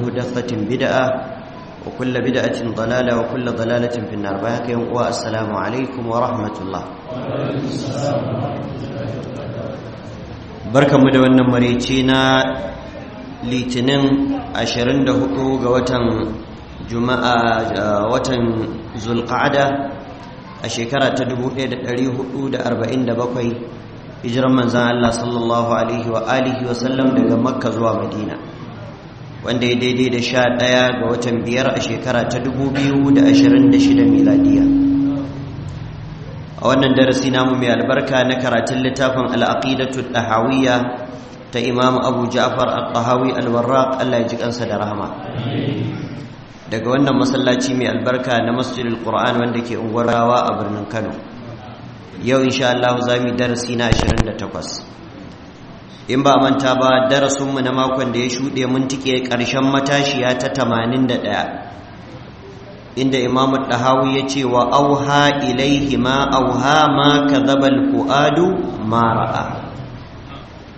محدثة بدعة وكل بدعة ضلالة وكل ضلالة في النار بهك da عليكم ورحمة الله بركة مدونة مريتينا litinin 24 ga watan juma'a watan a shekara ta 1447 hijiran manzan Allah sallallahu alaihi wa alihi wa sallam daga makka zuwa madina wanda ya daidai da sha ɗaya ga watan biyar a shekara ta dubu biyu da ashirin da shida miladiya a wannan darasi namu mai albarka na karatun littafin al'aqidatu ɗahawiya ta imamu abu ja'far al-ɗahawi al-warraq allah ya ji kansa da rahama daga wannan masallaci mai albarka na masjidul qur'an wanda ke unguwar rawa a birnin kano yau insha Allah za mu darasi na takwas. in ba manta ba darasinmu na makon da ya shuɗe mun tike ƙarshen matashiya ta tamanin da ɗaya inda imamu ɗahawu ya ce wa auha ilaihi ma auha ma kadhabal fuadu ma ra'a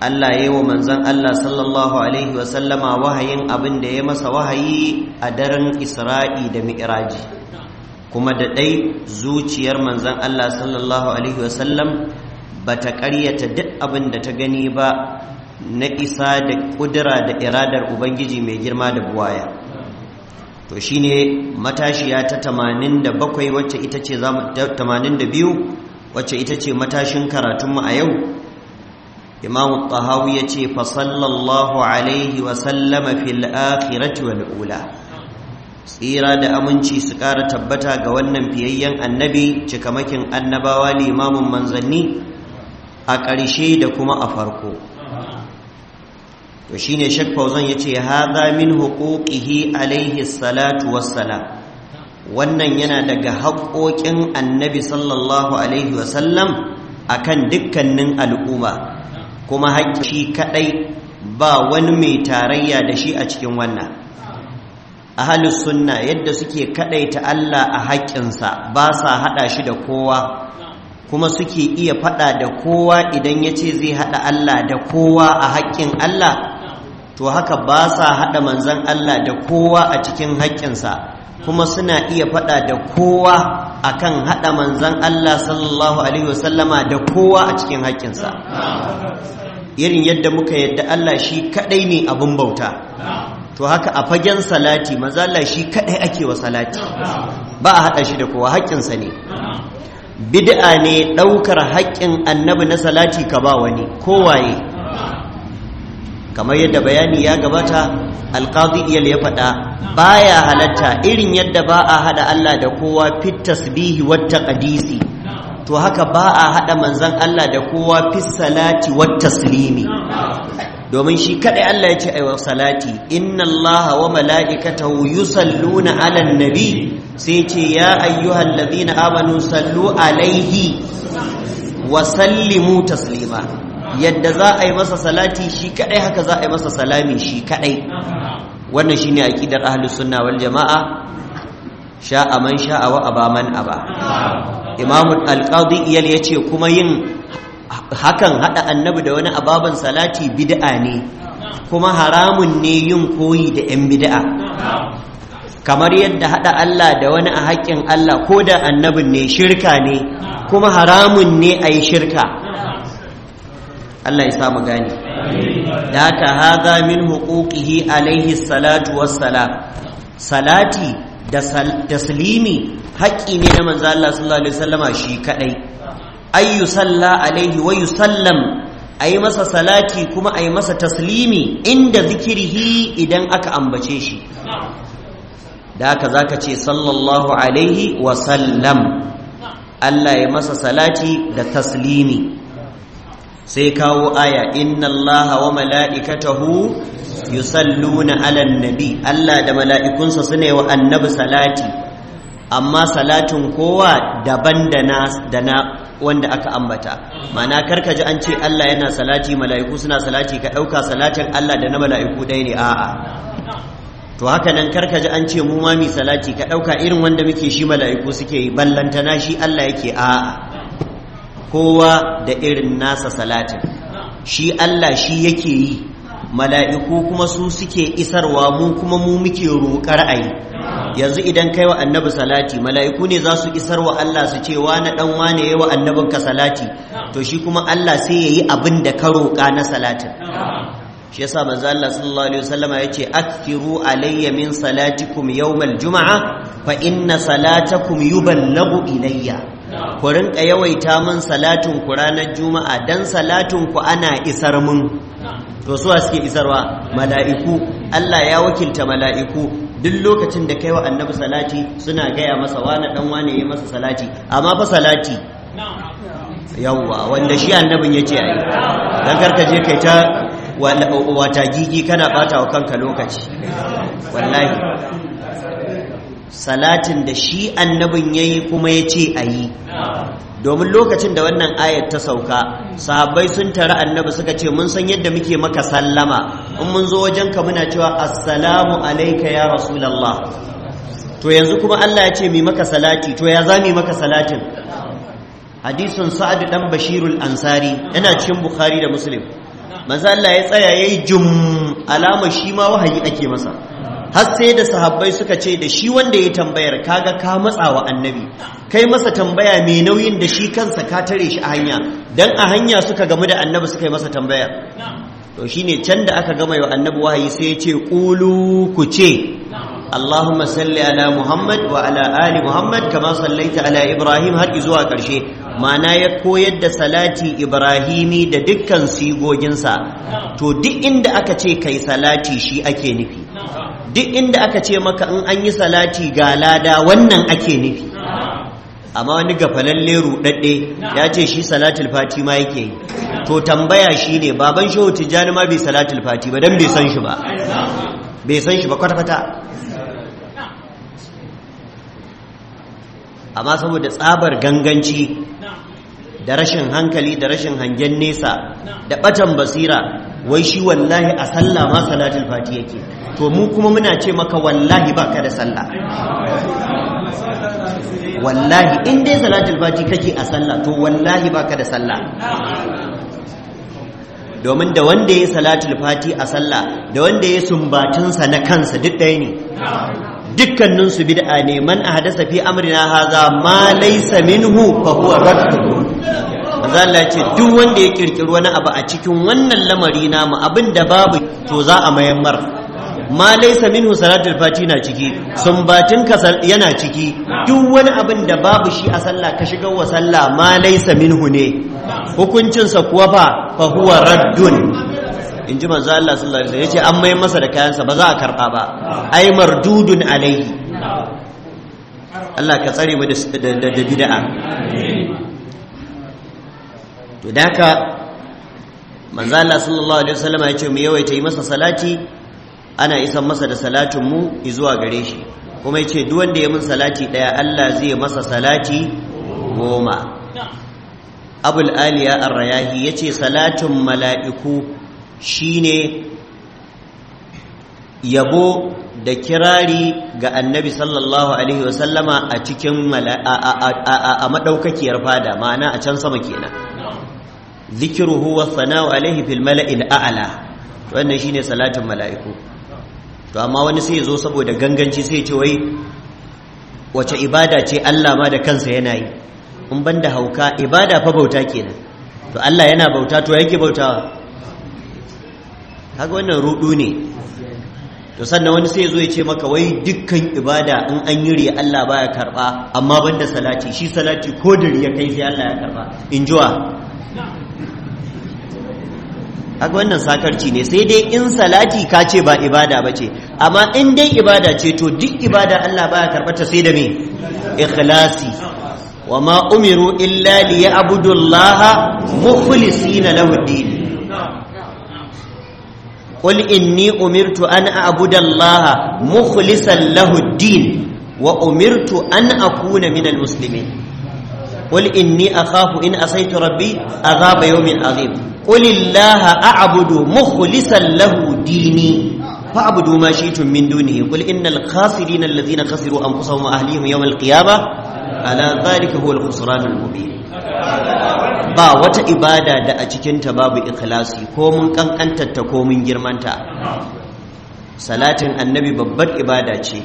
Allah yayi wa manzan Allah sallallahu alaihi Wasallama wahayin abin da ya masa wahayi a daren Isra'i da Mi'iraji, kuma da ɗai zuciyar manzan Allah sallallahu alaihi Wasallam. ba ta ƙaryata duk abin da ta gani ba na isa da ƙudura da iradar ubangiji mai girma da buwaya to shine matashiya ta 87 wacce ita ce 82 wacce ita ce matashin karatunmu a yau imamu tahawu ya ce fa sallallahu alaihi wa sallama fil akhirati wal ula tsira da aminci su ƙara tabbata ga wannan fiyayyen annabi cikamakin annabawa limamin manzanni a ƙarshe da kuma a farko to shine Sheikh Fauzan yace hadha min huquqihi alaihi salatu wassalam wannan yana daga haƙoƙin annabi sallallahu alaihi wasallam akan dukkanin al'umma kuma haƙƙi shi kadai ba wani mai tarayya da shi a cikin wannan ahlus sunna yadda suke kadaita Allah a haƙƙinsa ba sa hada shi da kowa kuma suke iya faɗa da kowa idan ya ce zai haɗa Allah da kowa a haƙƙin Allah to haka ba sa haɗa manzan Allah da kowa a cikin haƙƙinsa kuma suna iya faɗa da kowa a kan haɗa manzan Allah sallallahu alaihi wasallama da kowa a cikin haƙƙinsa irin yadda muka yadda Allah shi kaɗai ne abin bauta to haka a fagen salati mazala shi kadai ake wa salati ba a hada shi da kowa haƙƙinsa ne bid'a ne ɗaukar haƙƙin annabi na salati ka ba wani kowaye kamar yadda bayani ya gabata alƙazi iyal ya faɗa baya halatta irin yadda ba a haɗa Allah da kowa fit tasbihi wata ƙadisi to haka ba a haɗa manzan Allah da kowa fit salati wata silimi domin shi kadai Allah ya ce aiwa salati inna Allah wa mala'ikatahu yusalluna 'alan nabi sai ce ya ayyuhal ladina amanu sallu alaihi wa sallimu taslima yadda za a yi masa salati shi kadai haka za a yi masa salami shi kadai wannan shine aqidar ahlus sunna wal jamaa sha'a man sha'a wa aba man aba imam al-qadi iyal yace kuma yin hakan hada annabi da wani ababan salati bid'a ne kuma haramun ne yin koyi da 'yan bid'a kamar yadda hada Allah da wani a haƙƙin Allah ko da annabin ne shirka ne kuma haramun ne a yi shirka Allah ya samu gani da ta haza min hukukihi alaihi salatu wassalam salati da salimi haƙƙi ne na manzo Allah sallallahu alaihi wasallama shi kaɗai. ay salla alaihi wa yusallam ayi masa salati kuma ayi masa taslimi inda zikirhi idan aka ambace shi da haka zaka ce sallallahu alaihi wa sallam Allah ya masa salati da taslimi sai kawo aya inna Allah wa mala'ikatahu yusalluna 'alan nabi Allah da mala'ikunsa yi wa annabi salati amma salatin kowa daban da na wanda aka ambata ma'ana karka ji an ce Allah yana salati mala'iku suna salati ka ɗauka salatin Allah da na mala'iku ɗaya ne a'a to haka nan karka ji an ce mu ma mi salati ka ɗauka irin wanda muke shi mala'iku suke yi ballantana shi Allah yake a'a kowa da irin nasa salatin shi Allah shi yake yi mala'iku kuma su suke isarwa mu kuma mu muke roƙar ayi yanzu idan kai wa annabi salati mala'iku ne za su isarwa Allah su ce wa na ɗan wane yawa wa annabin ka salati to shi kuma Allah sai yayi abin da ka roƙa na salatin shi yasa manzo Allah sallallahu alaihi wasallama yace akthiru alayya min salatikum yawmal juma'a fa inna salatakum yuballagu ilayya ku rinka yawaita min salatin ku ranar juma'a dan salatin ku ana isar mun to suwa suke isarwa mala'iku Allah ya wakilta mala'iku duk lokacin da kai wa annabi salati suna gaya masa wani dan wane ya masa salati amma fa salati yawwa wanda shi annabin ya yace ayi dan karka je kai ta wata gigi kana bata wa kanka lokaci wallahi salatin da shi annabin ya yi kuma ya ce a yi domin lokacin da wannan ayat ta sauka sahabbai sun tara annabi suka ce mun san yadda muke maka sallama in mun zo wajenka muna cewa assalamu alaika ya rasulallah to yanzu kuma Allah ya ce mi maka salati to ya za mi maka salatin hadisun sa'ad dan bashirul ansari yana cikin bukhari da muslim manzo Allah ya tsaya yayi jum alama shi ma wahayi ake masa har sai da sahabbai suka ce da shi wanda ya tambayar kaga ka matsa wa annabi kai masa tambaya mai nauyin da shi kansa ka tare shi a hanya dan a hanya suka gamu da annabi suka yi masa tambaya to shine can da aka gama wa annabi wahayi sai ya ce Kulu ku ce Allahumma salli ala Muhammad wa ala ali Muhammad kama sallaita ala Ibrahim har zuwa karshe mana ya koyar da salati Ibrahimi da dukkan sigoginsa to duk inda aka ce kai salati shi ake nufi duk inda aka ce maka in an yi salati ga lada wannan ake nufi amma wani gafalalle ruɗaɗɗe ya ce shi salatul fati ma yake yi to tambaya shi ne baban shehu tijjani ma bai salatul fati ba don bai san shi ba bai san shi ba kwata amma saboda tsabar ganganci da rashin hankali da rashin hangen nesa da ɓatan basira wai shi wallahi a sallah ma salatul fati yake to mu kuma muna ce maka wallahi baka da sallah wallahi in dai salatul fati kake a sallah to wallahi baka da sallah domin da wanda ya salatul fati a sallah da wanda ya sa na kansa duk ɗaya ne dukkaninsu bid'a ne man ahdasa fi amrina haza ma laysa minhu fa huwa raddun manzo ce duk wanda ya kirkiri wani abu a cikin wannan lamari namu abin da babu to za a mayammar ma laysa minhu salatul fati na ciki sumbatin ka yana ciki duk wani abin da babu shi a sallah ka shiga wa sallah ma laysa minhu ne hukuncin sa kuwa fa fa huwa raddun in ji manzo Allah sallallahu alaihi wasallam yace an mai masa da kayan sa ba za a karba ba ai mardudun alaihi Allah ka tsare mu da bid'a to da haka sallallahu alaihi wasallam ya ce mu ta yi masa salati ana isan masa da salatin mu zuwa gare shi kuma yace ce duk wanda ya mun salati daya Allah zai masa salati goma abul aliya ar-rayahi yace salatin mala'iku shine yabo da kirari ga annabi sallallahu alaihi wasallama a cikin a madaukakiyar fada ma'ana a can sama kenan zikiruhu wa sana'u alaihi fil mala'il a'la wannan shine salatin mala'iku to amma wani sai ya zo saboda ganganci sai ya ce wai wace ibada ce Allah ma da kansa yana yi in ban da hauka ibada fa bauta kenan to Allah yana bauta to yake bautawa kaga wannan rudu ne to sannan wani sai ya zo ya ce maka wai dukkan ibada in an yi riya Allah baya karba amma banda salati shi salati ko da riya kai sai Allah ya karba in jiwa kaga wannan sakarci ne sai dai in salati ka ce ba ibada ba ce amma in dai ibada ce to duk ibada Allah baya karbata sai da me ikhlasi wa ma umiru illa liya'budu Allah mukhlisina lahu ad-din قل إني أمرت أن أعبد الله مخلصا له الدين وأمرت أن أكون من المسلمين qul inni akhafu in asaitu rabbi azaba yawmin azim qul illaha a'budu mukhlishan lahu dini fa'budu ma shi'tum min dunihi qul innal khasirina alladhina khasiru anfusahum wa ahlihim yawm alqiyamah ala zalika huwa al-khusran al-mubin ba wata ibada da a cikinta babu ikhlasi ko mun kankantarta ko mun girmanta salatin annabi babbar ibada ce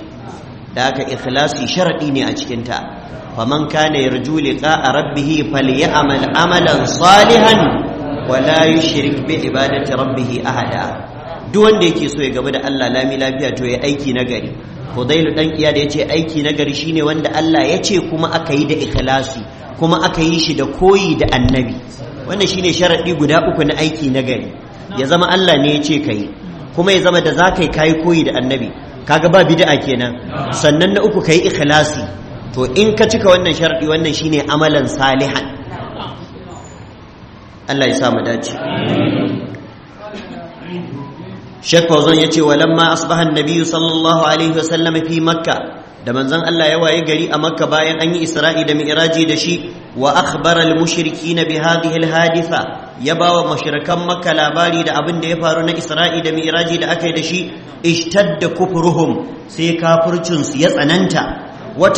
da aka ikhlasi sharadi ne a cikinta faman kana يرجو لقاء ربه فليعمل amalan salihan ولا يشرك bi ibadati rabbih ahada duk wanda yake so ya gaba da Allah lami lafiya to ya aiki nagari Fudailu dan iya da yace aiki nagari shine wanda Allah ya ce kuma aka yi da ikhlasi kuma aka yi shi da koyi da annabi wannan shine sharadi guda uku na aiki nagari ya zama Allah ne yace kai kuma ya zama da zakai kai koyi da annabi kaga ba bid'a kenan sannan na uku kai ikhlasi to in ka cika wannan sharadi wannan shine amalan salihan Allah ya sa mu dace Sheikh Fauzan yace walamma asbaha an-nabiy sallallahu alaihi wasallam fi Makka da manzon Allah ya waye gari a Makka bayan an yi Isra'i da Mi'raji da shi wa akhbara al na bi hadhihi al-haditha ya bawa mushrikan Makka labari da abin da ya faru na Isra'i da Mi'raji da aka yi da shi ishtadda kufruhum sai kafircin su ya tsananta wa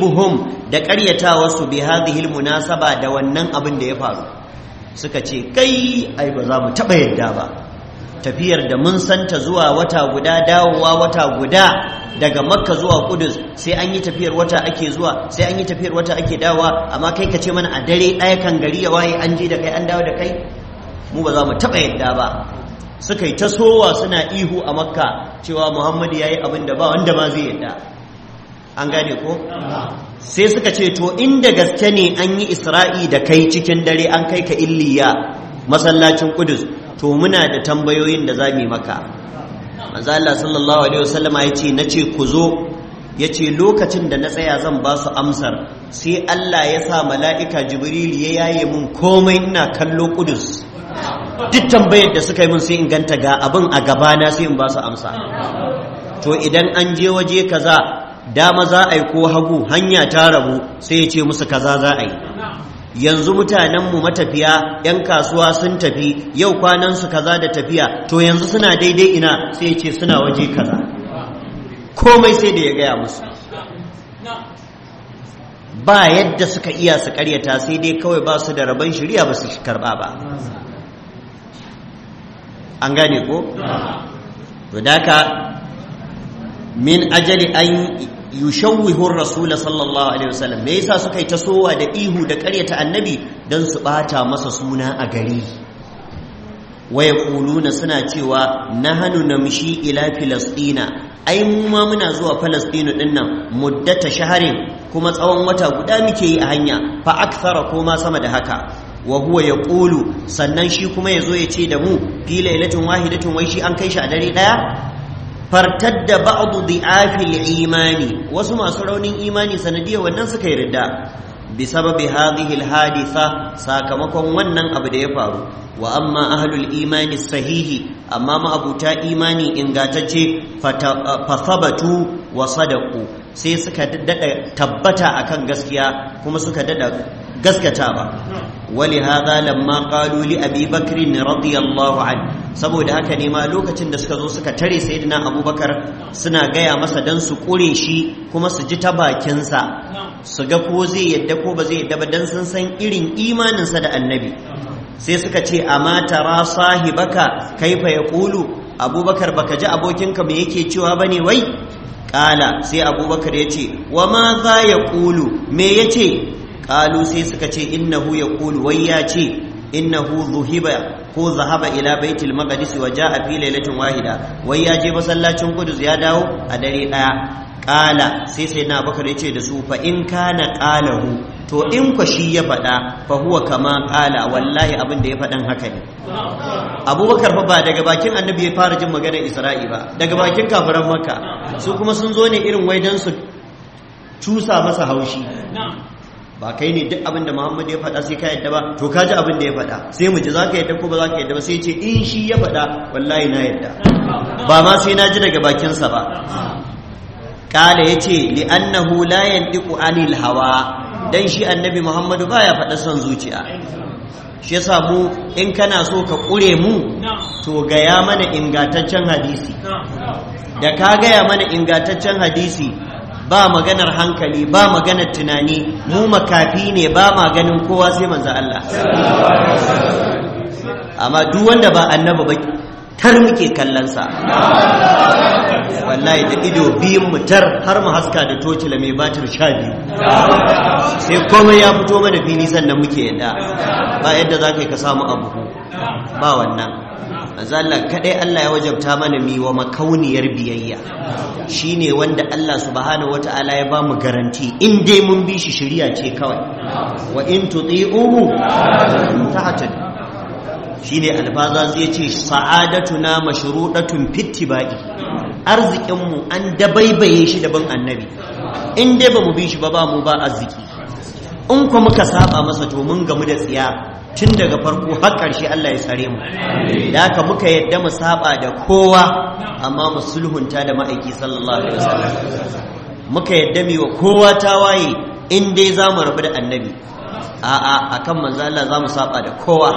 buhum da ƙaryatawa su bi hadhihi munasaba da wannan abin da ya faru suka ce kai ai ba za mu taba yadda ba tafiyar da mun santa zuwa wata guda dawowa wata guda daga makka zuwa kudus sai an yi tafiyar wata ake zuwa sai an yi tafiyar wata ake dawowa, amma kai ka ce mana a dare ɗaya kan gari ya waye an je da kai an dawo da kai mu ba za mu taɓa yadda ba suka yi ta sowa suna ihu a makka cewa muhammadu ya yi abin da ba wanda ma zai yadda an gane ko sai suka ce to inda gaske ne an yi isra'i da kai cikin dare an kai ka illiya masallacin kudus to muna da tambayoyin da za mu yi maka manzo Allah sallallahu alaihi wasallama ce nace ku zo ya ce lokacin da na tsaya zan ba su amsar sai Allah ya sa mala'ika jibril ya yaye mun komai ina kallo kudus duk tambayar da suka yi mun sai in ganta ga abin a gabana sai in ba su amsa to idan an je waje kaza dama za a yi ko hagu hanya ta rabu sai ya ce musu kaza za a yi yanzu mutanenmu matafiya 'yan kasuwa sun tafi yau kwanansu kaza da tafiya to yanzu suna daidai ina sai ya ce suna waje kaza komai sai da ya gaya musu ba yadda suka iya su karyata sai dai kawai ba su da rabon shirya ba su karba ba an gane ko? to da min ajali an yushawwihu rasul sallallahu alaihi wasallam me yasa suka yi tasowa da ihu da ƙaryata annabi dan su bata masa suna a gari waya kuluna suna cewa nahanu namshi ila filastina ai mu ma muna zuwa falastinu din nan muddata shaharin kuma tsawon wata guda muke yi a hanya fa akthara ko ma sama da haka wa huwa yaqulu sannan shi kuma yazo ya ce da mu fi wahidatin wai shi an kai shi a dare daya fartadda ba'du di'afil imani wasu masu raunin imani sanadiyar wannan suka yarda ridda bisababi hadhihi alhadisa sakamakon wannan abu da ya faru wa amma ahlul imani sahihi amma ma'abuta imani ingatacce fasabatu wa sadaqu sai suka dada tabbata akan gaskiya kuma suka dada gaskata ba wali hadha lamma qalu li abi bakr radiyallahu saboda haka ne ma lokacin da suka zo suka tare sayyidina abubakar suna gaya masa dan su kure shi kuma su ji ta bakinsa su ga ko zai yadda ko ba zai yadda ba dan sun san irin imaninsa da annabi sai suka ce amma tara sahibaka kaifa yaqulu abubakar baka ji abokinka me yake cewa bane wai kala sai abubakar ya ce wa ma za ya ƙulu me yace ce ƙalu sai suka ce innahu ya ƙulu wai ya ce innahu zuhiba ko zahaba ila baitul maqdis wa jaa fi lailatin wahida wai ya je masallacin Qudus ya dawo a dare daya ƙala sai sai na bakar yace ce da su fa in kana ƙalahu to in kwa shi ya faɗa fa huwa kama kala wallahi abin da ya faɗan haka ne abubakar fa ba daga bakin annabi ya fara jin maganar isra'i ba daga bakin kafiran makka su kuma sun zo ne irin wai don su cusa masa haushi ba kai ne duk abin da Muhammadu ya faɗa sai ka yadda ba to ka ji abin da ya faɗa sai mu ji za ka yadda ko ba za ka yadda ba sai ce in eh, shi ya faɗa wallahi na yadda ba ma sai na ji daga bakinsa ba kala ya ce li'annahu la yantiqu anil hawa dan shi annabi Muhammadu baya faɗa son zuciya shi yasa mu in kana so ka ƙure mu to gaya mana ingantaccen hadisi da ka gaya mana ingantaccen hadisi ba maganar hankali ba maganar tunani mu makafi ne ba maganin kowa sai manzo Allah amma duk wanda ba annabi ba tar muke kallon sa wallahi da ido biyun mu tar har mu haska da la mai batir sha sai komai ya fito mana fili sannan muke yadda. ba yadda za ka yi ka samu abu ba wannan manzo Allah kadai Allah ya wajabta mana mi wa makauniyar biyayya shine wanda Allah subhanahu wataala ya ba mu garanti in dai mun bi shi shari'a ce kawai wa in tuti'uhu Shi shine alfaza zai ce sa'adatuna mashrudatun fiti arzikin mu an dabaibaye shi da bin annabi in dai bamu bi shi ba ba mu ba arziki in kwa muka saba masa to mun gamu da tsiya tun daga farko har ƙarshe Allah ya tsare mu da haka muka yadda mu saba da kowa amma mu sulhunta da ma'aiki sallallahu alaihi wasallam muka yadda mu wa kowa waye, in dai za mu rabu da annabi a'a akan manzo Allah za mu saba da kowa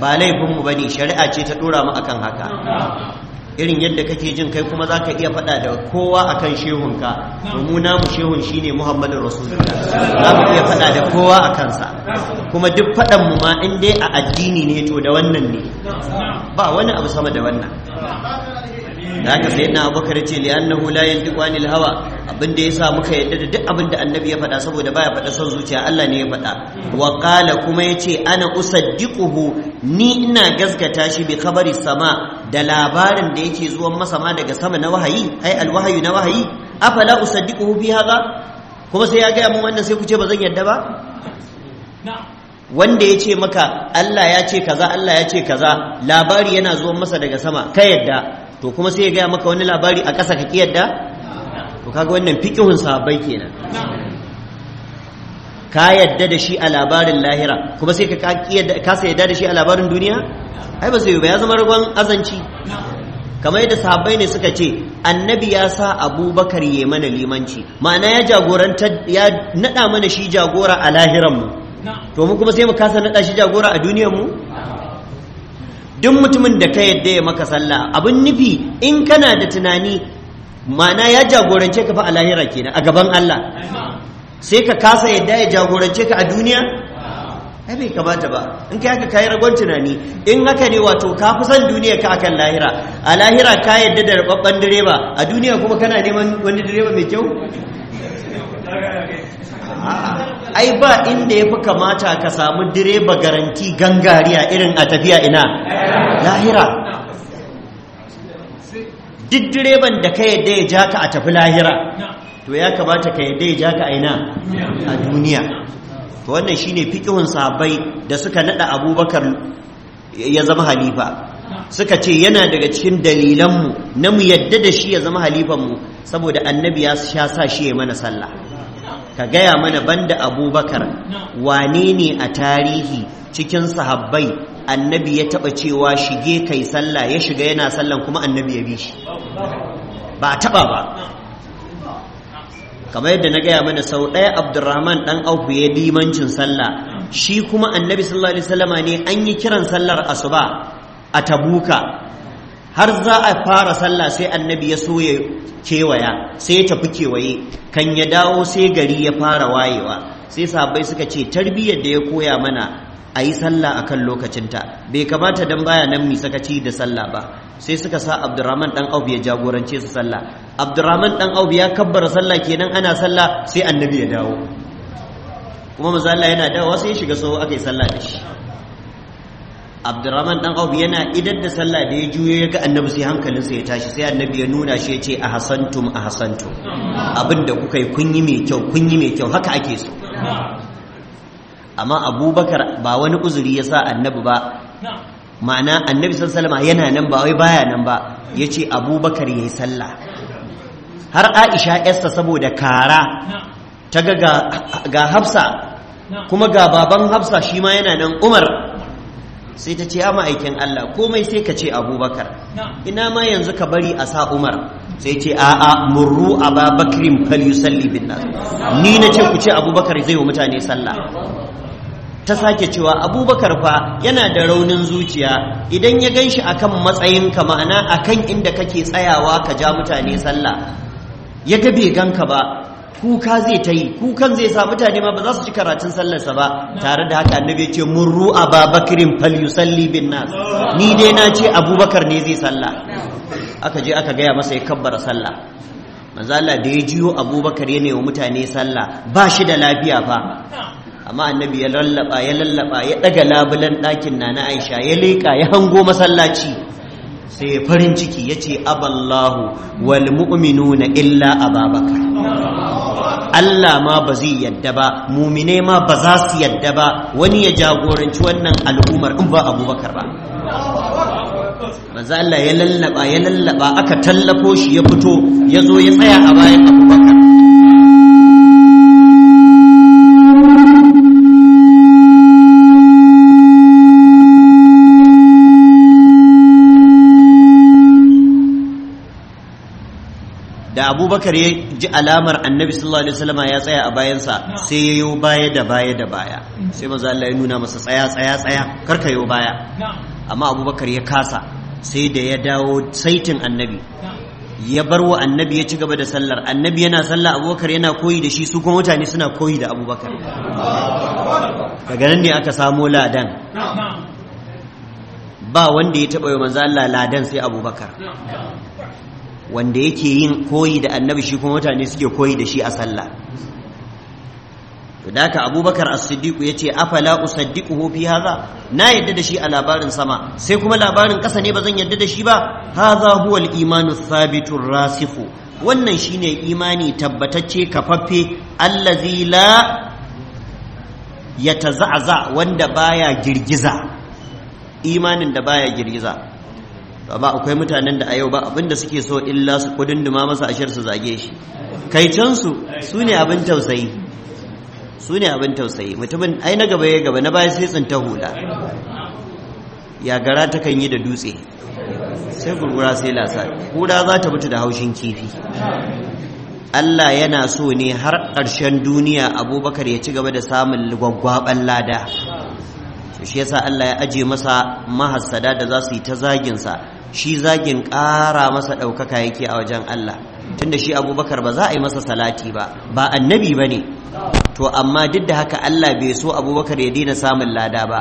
ba laifin mu bane shari'a ce ta dora mu akan haka irin yadda kake jin kai kuma za ka iya faɗa da kowa a kan shehunka mu namu shehun shi ne muhammadin rasulullah za mu iya faɗa da kowa a kansa kuma duk faɗanmu ma in dai a addini ne to da wannan ne ba wani abu sama da wannan da haka sai na abubakar ce na hulayen duk wani hawa abinda ya sa muka yadda da duk abinda annabi ya faɗa saboda baya faɗa son zuciya Allah ne ya faɗa wa qala kuma yace ana usaddiquhu ni ina gaskata shi bi khabari sama da labarin da yake zuwan masa ma daga sama na wahayi ai alwahayu na wahayi afala usaddiquhu bi hadha kuma sai ya gaya mun wannan sai ku ce ba zan yadda ba wanda ya ce maka Allah ya ce kaza Allah ya ce kaza labari yana zuwan masa daga sama ka yadda to kuma sai ya gaya maka wani labari a ƙasa ka kiyarda to kaga wannan fikihun sahabbai kenan ka yadda da shi a labarin lahira kuma sai ka kasa yadda da shi a labarin duniya ai ba sai ba ya zama ragon azanci kamar yadda sahabbai ne suka ce annabi ya sa abubakar ya mana limanci ma'ana ya jagoranta ya naɗa mana shi jagora a lahiranmu. to mu kuma sai mu kasa naɗa shi jagora a duniyar duk mutumin da ka yadda ya maka sallah abin nufi in kana da tunani ma'ana ya jagorance ka fa a lahira kenan a gaban Allah sai ka kasa yadda ya jagorance ka a duniya ai bai kamata ba in kai haka kai ragon tunani in haka ne wato ka fi son duniya ka akan lahira a lahira ka yadda da rababban direba a duniya kuma kana neman wani direba mai kyau ai ba inda ya fi kamata ka samu direba garanti gangariya irin a tafiya ina lahira duk direban da ka yadda ya ja ka a tafi lahira to ya kamata ka yadda ya ja ka a ina a duniya to wannan shine fiƙihun sahabbai da suka nada abubakar ya zama halifa suka ce yana daga cikin dalilanmu na mu yadda da shi ya zama halifanmu saboda annabi ya sha sa shi ya mana sallah ka gaya mana banda abubakar wane ne a tarihi cikin sahabbai annabi ya taba cewa shige kai sallah ya shiga yana sallan kuma annabi ya bi shi ba a taɓa ba kamar yadda na gaya mana sau ɗaya abdurrahman ɗan auku ya limancin sallah shi kuma annabi sallallahu alaihi wasallama ne an yi kiran sallar asuba a tabuka har za a fara sallah sai annabi ya so ya kewaya sai ya tafi kewaye kan ya dawo sai gari ya fara wayewa sai sahabbai suka ce tarbiyyar da ya koya mana a yi sallah akan lokacinta bai kamata dan baya nan mi sakaci da sallah ba sai suka sa abdurrahman dan auf ya jagorance su sallah abdurrahman ɗan auf ya kabbara sallah kenan ana sallah sai annabi ya dawo kuma manzo yana dawowa sai ya shiga so aka yi sallah da shi abdurrahman dan auf yana idan da sallah da ya juyo ya ga annabi sai hankalinsa ya tashi sai annabi ya nuna shi ya ce a hasantum a hasantum abinda kuka yi kun yi mai kyau kun yi mai kyau haka ake so amma abubakar ba wani uzuri ya sa annabi ba ma'ana annabi sallallahu yana nan ba wai baya nan ba ya ce abubakar ya yi sallah har aisha yasta saboda kara ta ga ga hafsa kuma ga baban hafsa shi ma yana nan umar sai ta ce a ma'aikin Allah komai sai ka ce abubakar ina ma yanzu ka bari a sa umar sai ce a'a murru a bakrin fal Salli bin nan ni na ce ku ce abubakar zai wa mutane sallah ta sake cewa abubakar fa yana da raunin zuciya idan ya gan ganshi akan ka ma'ana a kan inda kake tsayawa ka ja mutane sallah ya ga bai ganka ba kuka zai ta yi kukan zai sa mutane ma ba za su ci karatun sallarsa ba tare da haka annabi ce mun ru'a babakirin fal bin nas ni dai na ce abubakar ne zai salla aka je aka gaya masa ya kabbara sallah manzo Allah da ya jiyo abubakar ya nemi mutane sallah ba shi da lafiya fa amma annabi ya lallaba ya lallaba ya daga labulan ɗakin na na aisha ya leƙa ya hango masallaci sai farin ciki ya ce aballahu wal mu'minuna illa ababakar Allah ma ba zai yadda ba mumine ma ba za su yadda ba wani ya jagoranci wannan al'ummar in ba abubakar ba manzo Allah ya lallaba ya lallaba aka tallafo shi ya fito ya zo ya tsaya a bayan abubakar abubakar ya ji alamar annabi sallallahu alaihi wasallama ya tsaya a bayansa sai ya yi baya da baya da baya sai maza Allah ya nuna masa tsaya tsaya tsaya karka yi baya amma abubakar ya kasa sai da ya dawo saitin annabi ya bar wa annabi ya ci gaba da sallar annabi yana sallah abubakar yana koyi da shi su kuma mutane suna koyi da abubakar daga nan ne aka samo ladan ba wanda ya taɓa yi manzo Allah ladan sai abubakar wanda yake yin koyi da annabi shi kuma mutane suke koyi da shi a sallah da haka abubakar as-siddiq ya ce afala usaddiquhu fi hadha na yadda da shi a labarin sama sai kuma labarin ƙasa ne ba zan yadda da shi ba hadha huwa al-imanu thabitur rasikhu wannan shine imani tabbatacce kafaffe allazi la yatazaza wanda baya girgiza imanin da baya girgiza Ba amma akwai mutanen da a yau ba abin da suke so illa su duma masa ashir su zage shi kai can su su ne abin tausayi su ne abin tausayi mutumin ai na gaba ya gaba na baya sai tsinta hula ya gara ta kan yi da dutse sai gurgura sai lasa Hula za ta mutu da haushin kifi Allah yana so ne har ƙarshen duniya abubakar ya ci gaba da samun gwaggwaɓan lada shi yasa Allah ya aje masa mahassada da za su yi ta zaginsa shi zagin ƙara masa ɗaukaka yake a wajen Allah tunda shi abubakar ba za a yi masa salati ba ba annabi ba ne to amma duk da haka Allah bai so abubakar ya daina samun lada ba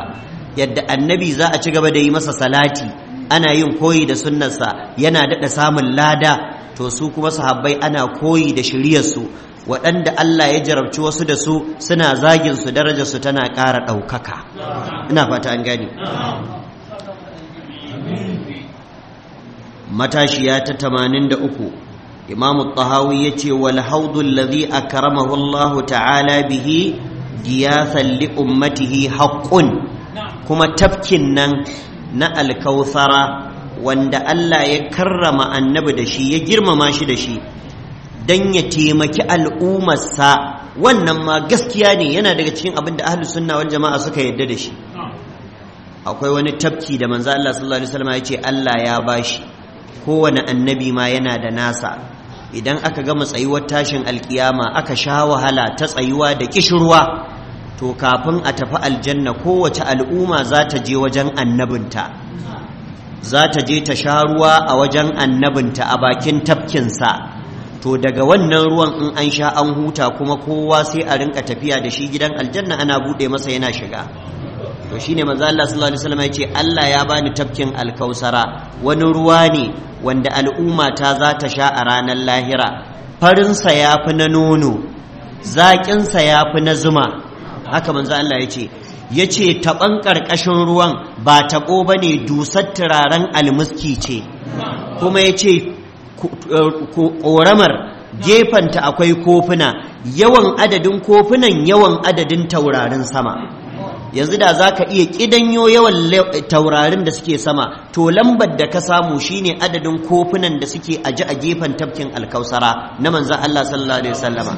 yadda annabi za a ci gaba da yi masa salati ana yin koyi da sunnarsa yana daɗa samun lada to su kuma sahabbai ana koyi da shiryarsu waɗanda Allah ya jarabci wasu da su suna zagin su darajarsu tana ƙara ɗaukaka ina fata an gani matashiya ta uku, imam tahawi yace wal haudul ladhi akramahu Allah ta'ala bihi diyasan li ummatihi haƙƙun. kuma tafkin nan na alkausara wanda Allah ya karrama annabi da shi ya girmama shi da shi don ya taimaki al'ummarsa wannan ma gaskiya ne yana daga cikin abin da ahlus sunna wal jama'a suka yadda da shi akwai wani tafki da manzo Allah sallallahu alaihi wasallam ya ce Allah ya bashi kowane annabi ma yana da nasa idan aka gama tsayuwar tashin alkiyama aka sha wahala ta tsayuwa da kishirwa to kafin a tafi aljanna kowace al'umma za ta je wajen annabinta za ta je ta sha ruwa a wajen annabinta a bakin tafkinsa to daga wannan ruwan in an sha an huta kuma kowa sai a rinka tafiya da shi gidan aljanna ana buɗe masa yana shiga to shine manzo Allah sallallahu alaihi wasallam yace Allah ya bani tafkin alkausara wani ruwa ne wanda al'umma ta za ta sha a ranar lahira farinsa ya fi na nono zaƙinsa ya fi na zuma haka manzo Allah yace ce ya ce taɓan ƙarƙashin ruwan ba ta ba ne dusar turaren almuski ce kuma yace ce ƙoramar gefanta akwai kofuna yawan adadin kofunan yawan adadin taurarin sama yanzu da za ka iya ƙidanyo yawan taurarin da suke sama to lambar da ka samu shine adadin kofunan da suke aji a gefen tafkin alkausara na manzan Allah sallallahu alaihi wasallama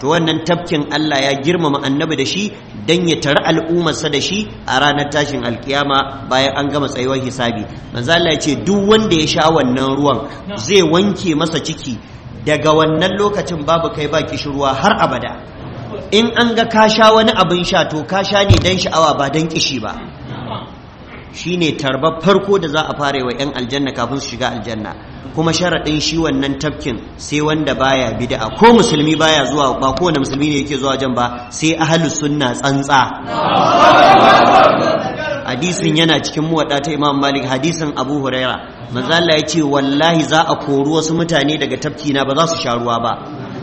to wannan tafkin Allah ya girmama annabi da shi dan ya tara al'ummarsa da shi a ranar tashin alkiyama bayan an gama tsayuwar hisabi manzan Allah ya ce duk wanda ya sha wannan ruwan zai wanke masa ciki daga wannan lokacin babu kai ba kishirwa har abada in an ga ka wani abin sha to kasha ne dan sha'awa ba dan kishi ba Shi ne tarbar farko da za a fara wa 'yan aljanna kafin su shiga aljanna kuma sharaɗin shi wannan tafkin sai wanda baya bid'a ko musulmi baya zuwa ba ko wani musulmi ne yake zuwa jan ba sai ahalu sunna tsantsa hadisin yana cikin muwaɗa ta imam malik hadisin abu huraira manzala ya ce wallahi za a kori wasu mutane daga tafki na ba za su sha ruwa ba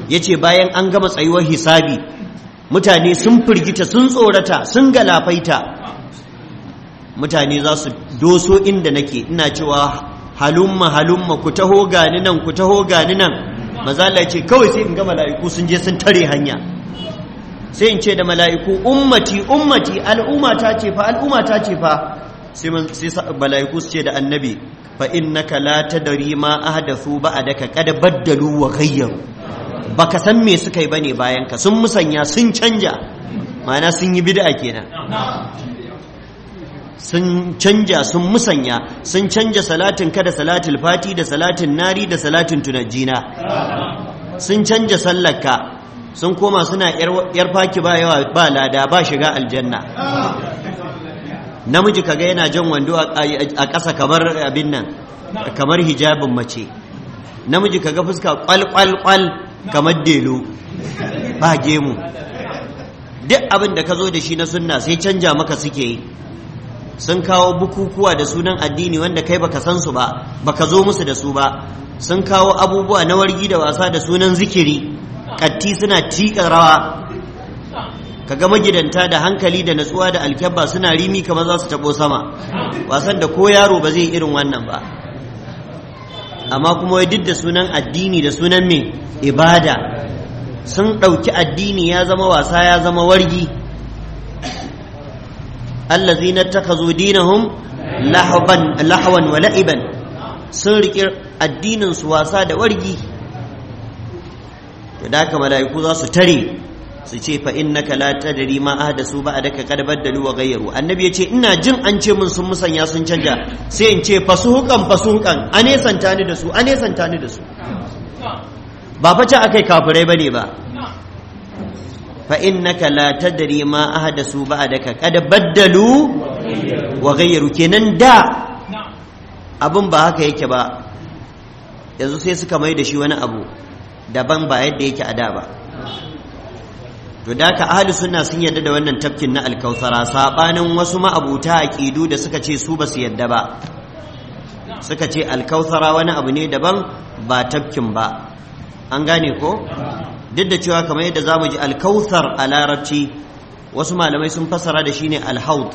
ya ce bayan an gama tsayuwar hisabi mutane sun firgita sun tsorata sun galafaita mutane za su doso inda nake ina cewa halumma halumma ku taho gani nan ku taho gani nan mazala ce kawai sai in ga mala'iku sun je sun tare hanya sai in ce da mala'iku ummati ummati al'umma ta ce fa al'umma ta ce fa sai mala'iku su ce da annabi fa innaka la tadri ma ahdathu ba'daka qad baddalu wa ghayyaru baka san me suka yi bane bayan ka sun musanya sun canja ma'ana sun yi bid'a kenan sun canja sun musanya sun canja salatin ka da salatin fati da salatin nari da salatin Tunajina. sun canja sallarka sun koma suna yar faki ba yawa ba lada ba shiga aljanna namiji kaga yana jan wando a ƙasa kamar abin nan kamar hijabin mace namiji kaga fuska kwal kwal kwal kamar delo ba gemu duk abin da ka zo da shi na sunna sai canja maka suke yi sun kawo bukukuwa da sunan addini wanda kai baka san su ba baka zo musu da su ba sun kawo abubuwa na wargi da wasa da sunan zikiri katti suna tiƙa rawa kaga magidanta da hankali da natsuwa da alkyabba suna rimi kamar za su tabo sama wasan da ko yaro ba zai irin wannan ba amma kuma wai duk da sunan addini da sunan me ibada sun ɗauki addini ya zama wasa ya zama wargi allazina takhazu dinahum lahban lahwan wa la'iban sun riƙe addinin su wasa da wargi to da ka mala'iku za su tare su ce fa naka la tadri ma ahdasu ka karbar baddalu wa ghayyaru annabi ce ina jin an ce mun sun musanya sun canja sai in ce fasuhukan fasuhukan ane santa ni da su ane santa ni da su ba fa ce akai kafirai bane ba fa innaka la tadri ma ahdasu ka karbar baddalu wa ghayyaru kenan da abin ba haka yake ba yanzu sai suka mai da shi wani abu daban ba yadda yake a da ba to da ka ahli sunna sun yarda da wannan tafkin na alkausara sabanin wasu ma'abuta aqidu da suka ce su basu yarda ba suka ce alkausara wani abu ne daban ba tafkin ba an gane ko duk da cewa kamar yadda zamu ji alkausar a larabci wasu malamai sun fassara da shine alhaud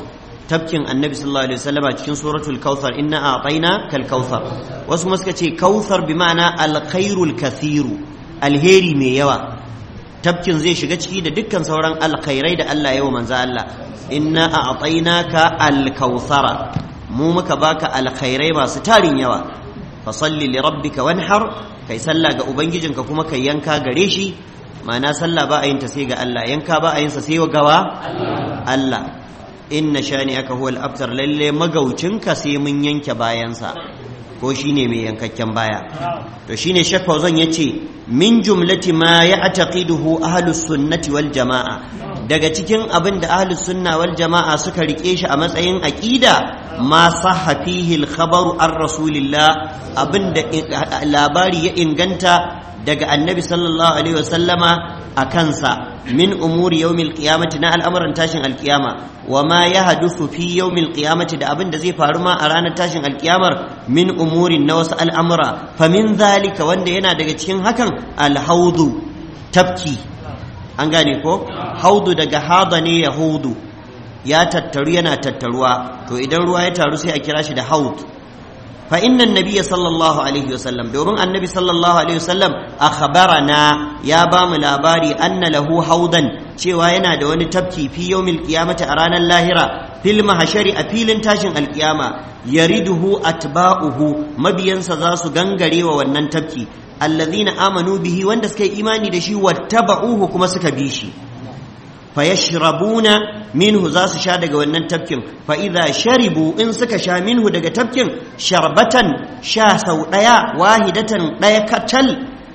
tafkin annabi sallallahu alaihi wasallama cikin suratul kautsar inna a'taina kal kautsar wasu kuma suka ce kautsar bi ma'ana alkhairul kathiru alheri mai yawa tafkin zai shiga ciki da dukkan sauran alkhairai da Allah ya wa manzo Allah inna a'tainaka alkausara mu muka baka alkhairai masu tarin yawa fa salli li rabbika wanhar kai sallah ga ubangijinka kuma kai yanka gare shi ma'ana sallah ba a yin ta sai ga Allah yanka ba a yin sa sai ga gawa Allah inna aka huwal abtar lalle magaucinka sai mun yanke bayansa ko shine mai yankakken baya to shine Shekau zan yace min jumlati ma ya'taqiduhu ahlus sunnati wal jama'a daga cikin abin da ahlus sunna wal jama'a suka rike shi a matsayin aƙida? ma sahha khabaru an rasulillah abin da labari ya inganta daga annabi sallallahu alaihi wasallama a kansa min umuri yawmil qiyamati na al'amuran tashin alkiyama wa ma yahdusu fi yawmil qiyamati da abin da zai faru ma a ranar tashin alkiyamar min umurin na wasu al'amura fa min zalika wanda yana daga cikin hakan alhaudu tafki an gane ko haudu daga haba ne ya hudu ya tattaru yana tattaruwa to idan ruwa ya taru sai a kira shi da haud fa innan nabiyya sallallahu alaihi wasallam domin annabi sallallahu alaihi wasallam akhbarana ya ba mu labari anna lahu haudan cewa yana da wani tafki fi yawmil qiyamati a ranar lahira fil mahshari a filin tashin alqiyama yariduhu atba'uhu mabiyansa za su gangare wa wannan tafki allazina amanu bihi wanda suka yi imani da shi wattaba'uhu kuma suka bi shi fa yashrabuna minhu za su sha daga wannan tafkin fa idza sharibu in suka sha minhu daga tafkin sharbatan sha sau ɗaya wahidatan ɗaya daya katal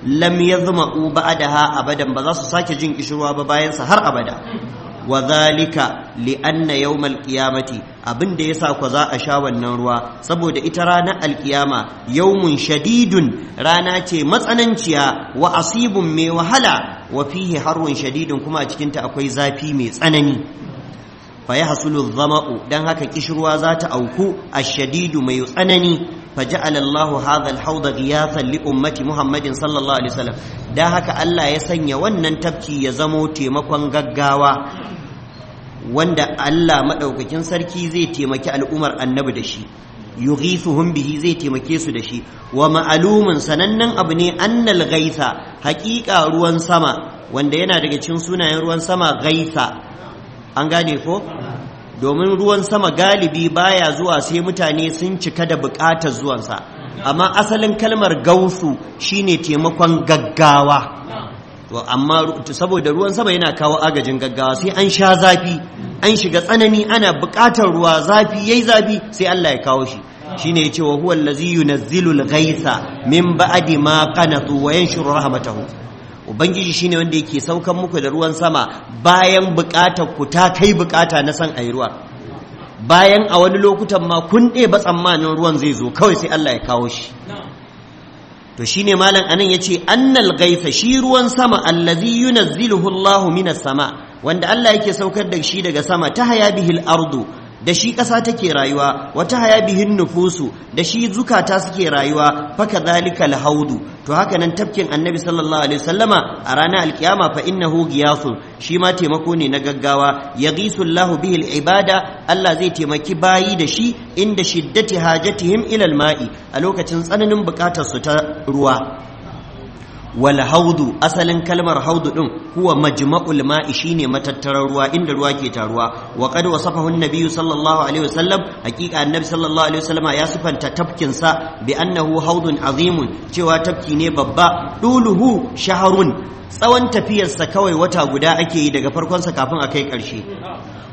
lam yazma'u ba'daha abadan ba za su sake jin kishirwa ba bayan sa har abada wa zalika li anna yawmal qiyamati abin da yasa ku za a sha wannan ruwa saboda ita ranar alkiyama yawmun shadidun rana ce matsananciya wa asibun mai wahala wa fihi harwun shadidun kuma a cikinta akwai zafi mai tsanani fa yahsulu dhama'u dan haka kishruwa za ta auku ashadidu mai tsanani fa ja'ala Allahu hadha al-hawd ghiyathan li ummati Muhammadin sallallahu alaihi dan haka Allah ya sanya wannan tafki ya zamo taimakon gaggawa wanda Allah madaukakin sarki zai taimaki al'umar annabi da shi yughithuhum bihi zai taimake su da shi wa ma'alumun sanannen abu ne annal gaitha haƙiƙa ruwan sama wanda yana daga cikin sunayen ruwan sama gaisa. an gane ko domin ruwan sama galibi baya zuwa sai mutane sun cika da bukatar zuwansa amma asalin kalmar gausu shine taimakon gaggawa to amma saboda ruwan sama yana kawo agajin gaggawa sai an sha zafi an shiga tsanani ana bukatar ruwa zafi yayi zafi sai Allah ya kawo shi shine yace wa huwa allazi yunazzilu al-ghaitha min ba'di ma qanatu wa yanshuru rahmatahu ubangiji shine wanda yake saukan muku da ruwan sama bayan bukatar ku ta kai bukata na san ayi ruwa bayan a wani lokutan ma kun ba tsammanin ruwan zai zo kawai sai Allah ya kawo shi to shine malam anan yace annal ghaifa shi ruwan sama allazi yunazziluhu Allahu minas sama wanda Allah yake saukar da shi daga sama ta haya bihil ardu da shi ƙasa take rayuwa wata haya bihin nufusu da shi zukata suke rayuwa faka zalika alhaudu to haka nan tafkin annabi sallallahu alaihi wasallama a ranar alkiyama fa innahu giyasu shi ma taimako ne na gaggawa yaghisu Allahu bihi alibada Allah zai taimaki bayi da shi inda shiddati hajatihim ila alma'i a lokacin tsananin bukatar su ta ruwa wal asalin kalmar haudu din huwa majma'ul ma'i shine matattarar ruwa inda ruwa ke taruwa wa qad wasafahu an-nabiy sallallahu alaihi wasallam haqiqa annabi sallallahu alaihi wasallam ya sifanta tafkin sa bi annahu haudun azimun cewa tafki ne babba duluhu shahrun tsawon tafiyarsa kawai wata guda ake yi daga farkonsa kafin a kai ƙarshe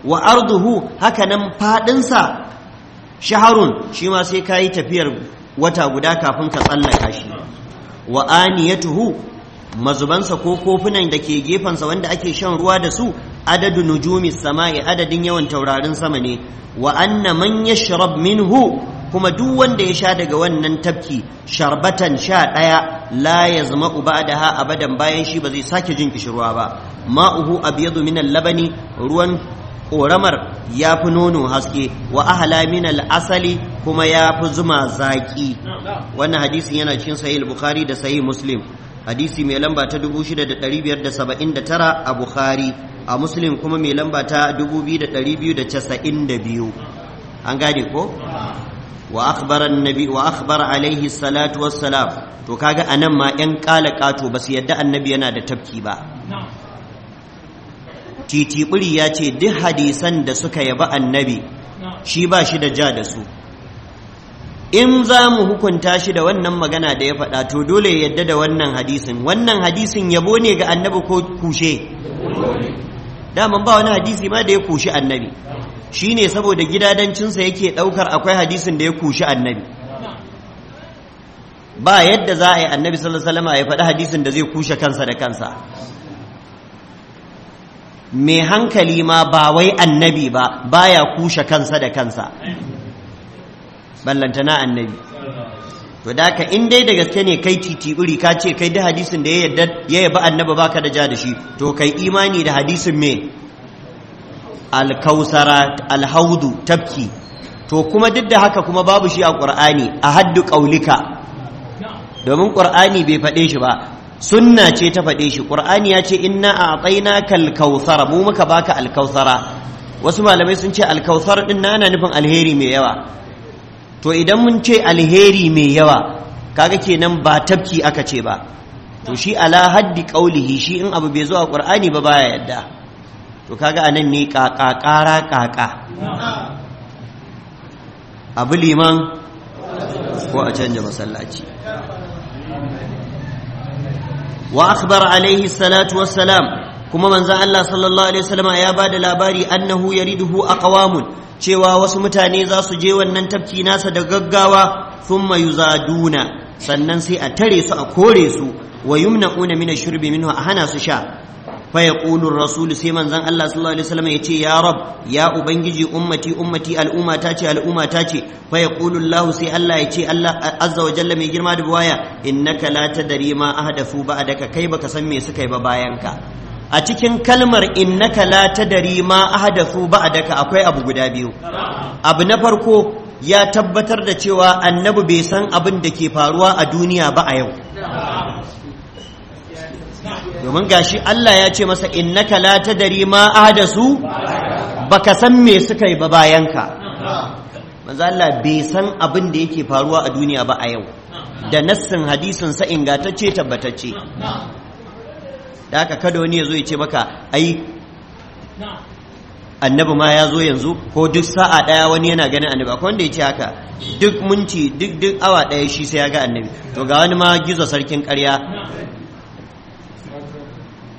wa arduhu haka nan faɗinsa shaharun shi ma sai ka tafiyar wata guda kafin ka tsallaka shi wa aniyatuhu mazubansa ko kofunan da ke gefensa wanda ake shan ruwa da su adadu nujumi sama'i adadin yawan taurarin sama ne wa anna man yashrab minhu kuma duk wanda ya sha daga wannan tafki sharbatan sha ɗaya la yazma da ha abadan bayan shi ba zai sake jin kishirwa ba ma'uhu abyadu min labani ruwan ƙoramar ya fi nono haske wa ahala min asali kuma ya fi zuma zaƙi wannan hadisin yana cikin sahih bukhari da sahih muslim hadisi mai lamba ta 6579 a bukhari a muslim kuma mai lamba ta 2292 an gane ko wa akhbara annabi wa akhbara alaihi salatu wassalam to kaga anan ma yan kala kato ba su yadda annabi yana da tafki ba titiɓuri ya ce duk hadisan da suka yaba annabi shi ba shi da ja da su in za mu hukunta shi da wannan magana da ya faɗa to dole ya yadda da wannan hadisin wannan hadisin yabo ne ga annabi ko kushe daman ba wani hadisi ma da ya kushi annabi shi ne saboda gidadancinsa yake ɗaukar akwai hadisin da ya kushi annabi ba yadda za a yi annabi sallallahu alaihi wasallam ya faɗi hadisin da zai kushe kansa da kansa mai hankali ma ba wai annabi ba baya kushe kansa da kansa na annabi to da ka in dai da gaske ne kai titi uri ka ce kai da hadisin da ya yaba annaba baka da ja da shi to kai imani da hadisin mai. alkausara alhaudu tafki to kuma duk da haka kuma babu shi a ƙur'ani a haddu ƙaulika domin ƙur'ani bai faɗe shi ba sunna ce ta faɗe shi ƙur'ani ya ce inna a atsaina kalkausara mu muka baka alkausara wasu malamai sun ce alkausar ɗin na ana nufin alheri mai yawa to idan mun ce alheri mai yawa kaga kenan ba tafki aka ce ba to shi ala haddi ƙaulihi shi in abu bai zo a ƙur'ani ba baya yadda to kaga a nan ne ƙaƙa ƙara ƙaƙa abu liman ko a canja masallaci wa akhbar alaihi salatu wassalam kuma manzo Allah sallallahu ya ba da bada labari annahu a aqwamun cewa wasu mutane za su je wannan tafki nasa da gaggawa thumma yuzaduna sannan sai a tare su a kore su wa yumna'una min ash-shurbi a hana su sha fa yaqulu ar-rasul sai manzon Allah sallallahu alaihi wasallam yace ya rab ya ubangiji ummati ummati al'umma ta ce al'umma ta ce fa yaqulu Allah sai Allah yace Allah azza wa jalla mai girma da buwaya innaka la tadri ma ahdathu ba'daka kai baka san me suka yi ba bayan ka? a cikin kalmar innaka la tadri ma ahdathu ba'daka akwai abu guda biyu abu na farko ya tabbatar da cewa annabi bai san abin da ke faruwa a duniya ba a yau domin gashi Allah ya ce masa in na innaka la tadri ma ahdasu baka san me suka yi ba bayanka manzo Allah bai san abin da yake faruwa a duniya ba a yau da nassin hadisin sa ingantacce tabbatacce da haka kada wani ya zo ya ce maka ai annabi ma ya zo yanzu ko duk sa'a ɗaya wani yana ganin annabi akwai wanda ya ce haka duk minti duk duk awa ɗaya shi sai ya ga annabi to ga wani ma gizo sarkin karya.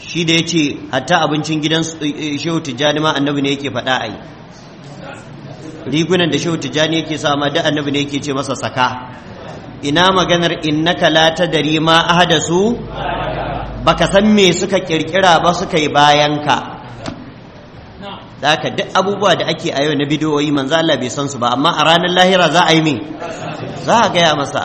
shi da ya ce hatta abincin gidan eh, eh, shehu tijjani ma annabi ne yake faɗa ai rigunan da shehu tijjani yake sa ma da annabi ne yake ce masa saka ina maganar innaka la tadri ma su baka san me suka kirkira ba suka yi ka haka duk abubuwa da ake a yau na bidiyoyi manzo Allah bai san su ba amma a ranar lahira za a yi min za a gaya masa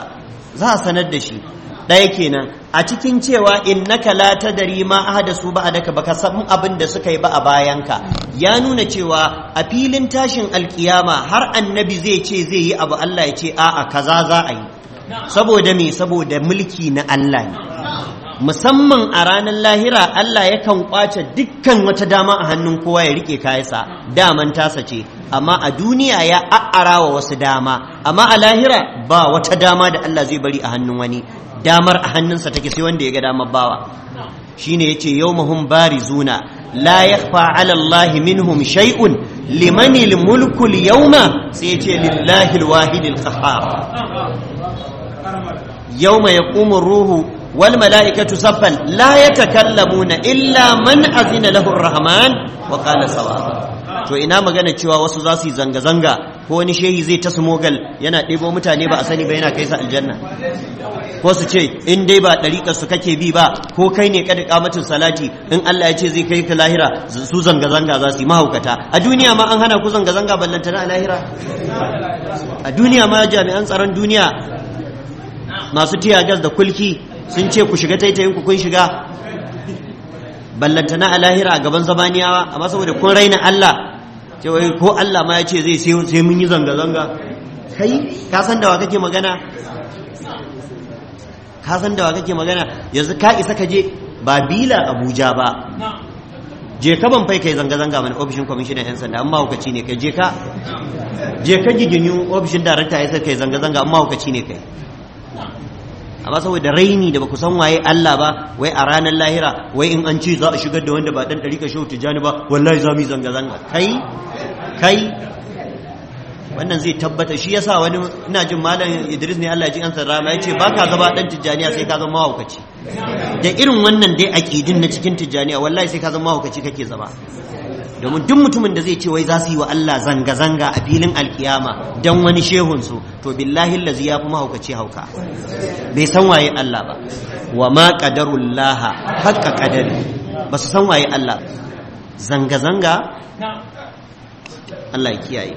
za a sanar da shi ɗaya kenan a cikin cewa in na-kalata innaka la tadri ma a ba'daka baka san abin da suka yi ba a bayanka ya nuna cewa a filin tashin alkiyama har annabi zai ce zai yi abu Allah ya ce a'a kaza za a yi saboda me saboda mulki na Allah ne musamman a ranar lahira Allah yakan kwace dukkan wata dama a hannun kowa ya rike kayansa daman tasa ce amma a duniya ya a'arawa wasu dama amma a lahira ba wata dama da Allah zai bari a hannun wani damar a hannunsa take sai wanda ya ga damar bawa shine yace yawmahum barizuna la yakhfa ala allahi minhum shay'un liman almulku alyawma sai yace lillahi alwahid alqahhar yawma yaqumu ruhu wal mala'ikatu saffan la yatakallamuna illa man azina lahu arrahman wa qala sawa to ina magana cewa wasu za su yi zanga-zanga ko wani shehi zai ta mogal yana ɗebo mutane ba a sani ba yana kai su aljanna ko su ce in dai ba ɗariƙar su kake bi ba ko kai ne kada kamacin salati in Allah ya ce zai kai ka lahira su zanga zanga za su yi mahaukata a duniya ma an hana ku zanga zanga ballanta na lahira a duniya ma jami'an tsaron duniya masu tiya gas da kulki sun ce ku shiga taitayin ku kun shiga ballanta na lahira a gaban zamaniyawa amma saboda kun raina Allah ce ko Allah ma ya ce zai sai mun yi zanga-zanga kai ka san da wa kake magana ka san da wa kake magana yanzu ka isa ka je ba bila abuja ba je ka ban fai kai zanga-zanga mana ofishin kwamishinan 'yan sanda amma hukaci ne kai je ka je ka giginyu ofishin darakta ya kai zanga-zanga amma hukaci ne kai amma saboda raini da ba ku san waye Allah ba wai a ranar lahira wai in an ce za a shigar da wanda ba dan dariƙa shehu tijani ba wallahi za mu zanga zanga kai kai wannan zai tabbata shi yasa wani ina jin malam Idris ne Allah ya ji ansa ce yace baka zama dan tijaniya sai ka zama mawaukaci da irin wannan dai ƙidin na cikin tijjaniya wallahi sai ka zama mahaukaci kake zama domin duk mutumin da zai ce wai za su yi wa Allah zanga-zanga a filin alkiyama don wani shehunsu to billahi lazi ya fi mahaukaci hauka bai san waye Allah ba wa ma qadarullaha haqqa qadari ba su san waye Allah zanga-zanga Allah ya kiyaye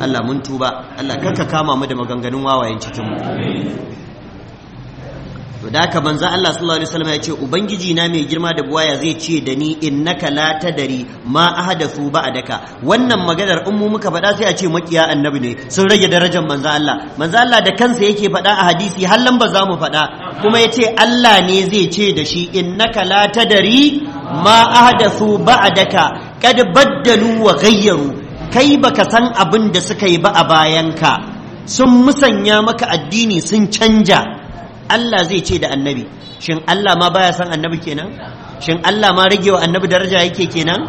Allah mun tuba Allah karka kama mu da maganganun wawayen cikin mu to da haka banza Allah sallallahu alaihi wasallam ya ce ubangiji na mai girma da buwaya zai ce da ni innaka la tadari ma ahadathu ba'daka wannan maganar in mu muka faɗa sai a ce makiya annabi ne sun rage darajar manzo Allah manzo Allah da kansa yake faɗa a hadisi har ba za mu faɗa kuma ya ce Allah ne zai ce da shi innaka la tadari ma ahadathu ba'daka kad baddalu wa ghayyaru kai baka san abin da suka yi ba a bayanka sun musanya maka addini sun canja Allah zai ce da annabi shin Allah ma baya san annabi kenan shin Allah ma rage wa annabi daraja yake kenan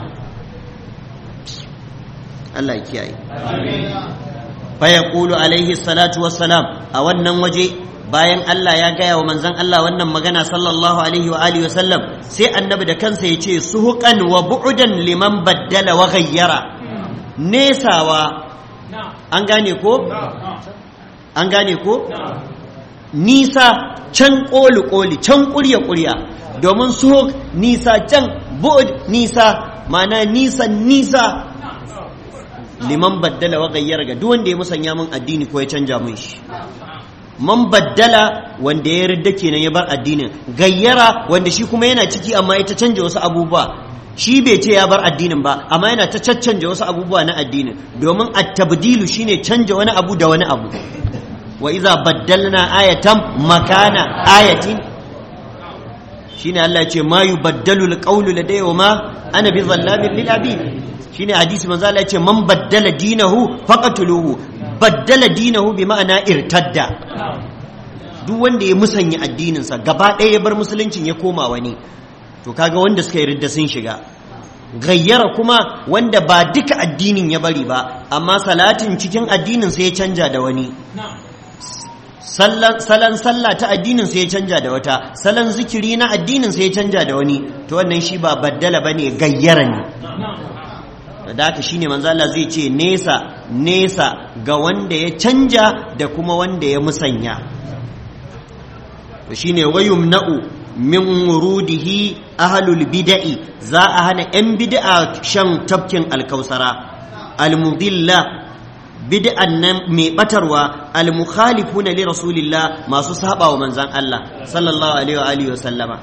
Allah ya kiyaye fa yaqulu alaihi salatu wassalam a wannan waje bayan Allah ya gaya wa manzon Allah wannan magana sallallahu alaihi wa alihi wasallam sai annabi da kansa ya ce suhuqan wa bu'dan liman baddala wa ghayyara nesawa an gane ko an gane ko nisa can koli-koli can ƙurya kurya domin suhuk nisa can bu'ud nisa ma'ana nisa nisa liman baddala wa gayyar ga duk wanda ya musanya min addini ko ya canja mun shi man baddala wanda ya ridda kenan ya bar addinin gayyara wanda shi kuma yana ciki amma ita canja wasu abubuwa shi bai ce ya bar addinin ba amma yana ta caccanja wasu abubuwa na addinin domin attabdilu tabdilu shine canja wani abu da wani abu wa iza baddalna ayatan makana ayatin shine Allah ya ce ma yubaddalu alqawlu ladayya wa ma ana bi zallamin lil abid shine hadisi manzo Allah ya ce man baddala dinahu faqatuluhu baddala dinahu bi ma'ana irtadda duk wanda ya musanya addininsa gaba ɗaya ya bar musuluncin ya koma wani to kaga wanda suka yarda sun shiga gayyara kuma wanda ba duka addinin ya bari ba amma salatin cikin addinin sai ya canja da wani salon sallah ta addinin sai ya canja da wata salon zikiri na addinin sai ya canja da wani to wannan shi ba baddala ne gayyara ne da haka shine manzo Allah zai ce nesa nesa ga wanda ya canja da kuma wanda ya musanya to shine na'u min wurudihi ahlul bid'i za a hana yan bid'a shan tafkin alkausara almudilla bid'an nan mai batarwa al-mukhalifuna li rasulillah masu saba wa manzon Allah sallallahu alaihi wa alihi wa sallama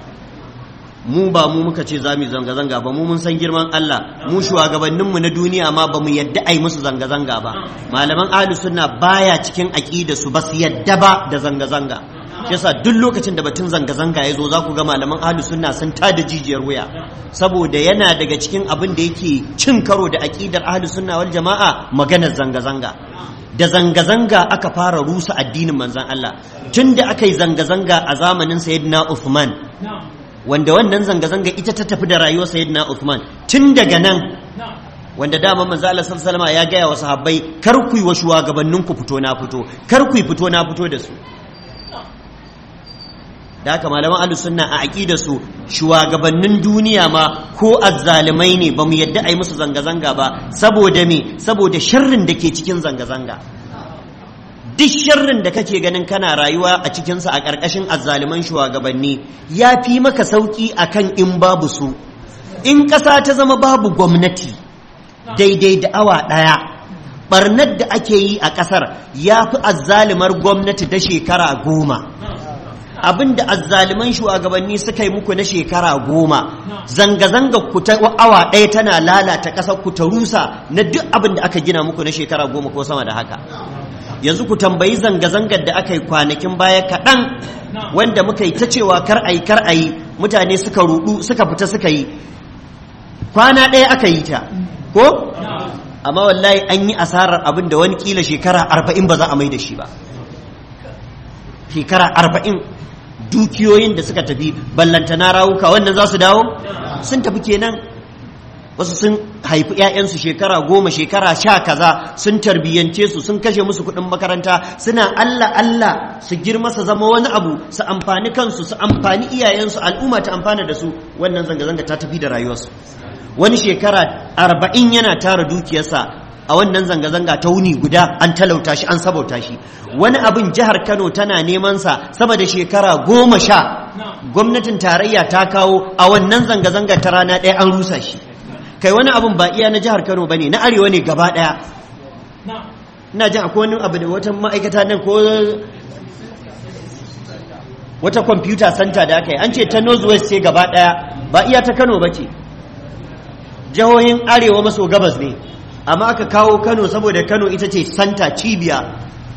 mu ba mu muka ce zamu zanga zanga ba mu mun san girman Allah mu shugabannin mu na duniya ma ba mu yadda ai musu zanga zanga ba malaman ahlus sunna baya cikin aqida su ba su yadda ba da zanga zanga yasa duk lokacin da batun zanga-zanga ya zo za ku ga malaman ahli sunna sun ta da jijiyar wuya saboda yana daga cikin abin da yake cin karo da aƙidar ahli sunna wal jama'a maganar zanga-zanga da zanga-zanga aka fara rusa addinin manzon Allah tun da aka yi zanga-zanga a zamanin sayyidina Uthman wanda wannan zanga-zanga ita ta tafi da rayuwar sayyidina Uthman tun daga nan wanda dama manzo Allah sallallahu alaihi wasallam ya gaya wa sahabbai kar ku yi wa shugabanninku fito na fito kar ku yi fito na fito da su da haka malaman ahlus sunna a aqida su shugabannin duniya ma ko azzalumai ne bamu yadda ai musu zanga zanga ba saboda me saboda sharrin da ke cikin zanga zanga duk sharrin da kake ganin kana rayuwa a cikinsa a ƙarƙashin azzaluman shugabanni ya fi maka sauƙi akan in babu su in ƙasa ta zama babu gwamnati daidai da awa ɗaya barnar da ake yi a ƙasar ya fi azzalimar gwamnati da shekara goma abinda azzaliman shugabanni suka yi muku na shekara goma zanga-zanga ku ta awa ɗaya tana lalata ƙasar ku ta rusa na duk abin da aka gina muku na shekara goma ko sama da haka yanzu ku tambayi zanga-zangar da aka yi kwanakin baya kaɗan wanda muka yi ta cewa kar a yi kar a yi mutane suka rudu suka fita suka yi kwana ɗaya aka yi ta ko amma wallahi an yi asarar abin da wani kila shekara arba'in ba za a mai da shi ba shekara arba'in dukiyoyin da suka tafi ballantana rawuka wannan za su dawo sun tafi kenan wasu sun haifi 'ya'yansu shekara goma shekara sha kaza sun tarbiyyance su sun kashe musu kuɗin makaranta suna allah allah su girma su zama wani abu su amfani kansu su amfani iyayensu al'umma ta amfana da su wannan zanga-zanga ta tafi da rayuwarsu wani shekara arba'in yana tara dukiyarsa a wannan zanga-zanga ta wuni guda an talauta shi an sabauta shi wani abin jihar kano tana neman sa saboda shekara goma sha gwamnatin tarayya ta kawo a wannan zanga-zanga ta rana ɗaya an rusa shi kai wani abin ba iya na jihar kano bane na arewa ne gaba ɗaya ina jin akwai wani abu da wata ma'aikata nan ko wata kwamfuta santa da aka yi an ce ta west ce gaba ɗaya ba iya ta kano ba ce jihohin arewa maso gabas ne amma aka kawo kano saboda kano ita ce santa cibiya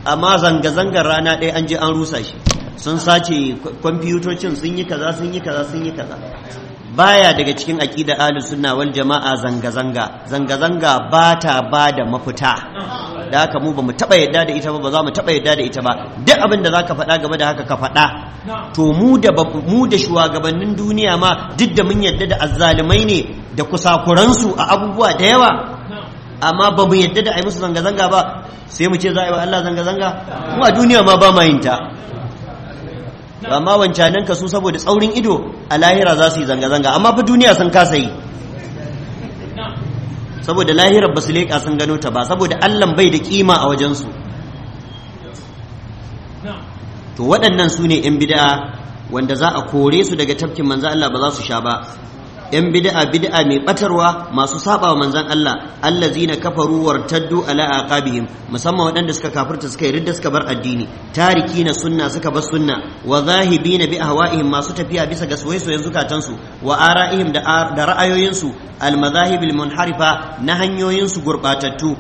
amma zanga-zangar rana ɗaya an je an rusa shi sun sace kwamfutocin sun yi kaza sun yi kaza sun yi kaza baya daga cikin aƙida alu suna wal jama'a zanga-zanga zanga-zanga ba ta ba da mafita da haka mu ba mu taɓa yadda da ita ba ba za mu taɓa yadda da ita ba duk abin da za ka faɗa gaba da haka ka faɗa to mu da mu da shugabannin duniya ma duk da mun yadda da azzalumai ne da kusakuransu a abubuwa da yawa amma ba mu yadda da a yi musu zanga-zanga ba sai mu ce za a yi wa Allah zanga-zanga kuma a duniya ma ba ma yin ta ma wancanan ka saboda tsaurin ido a lahira za su yi zanga-zanga amma fa duniya sun kasa yi saboda lahirar ba su leƙa sun gano ta ba saboda allah bai da kima a wajensu to waɗannan su ne 'yan bida'a wanda za a kore su daga tafkin manzo Allah ba za su sha ba yan bid'a bid'a mai batarwa masu saba wa manzon Allah zina kafaru wartaddu ala aqabihim musamman waɗanda suka kafirta suka yi ridda suka bar addini na sunna suka bar sunna wa na bi ahwa'ihim masu tafiya bisa ga soyayyen zukatansu wa ara'ihim da ra'ayoyinsu al al munharifa na hanyoyinsu gurbatattu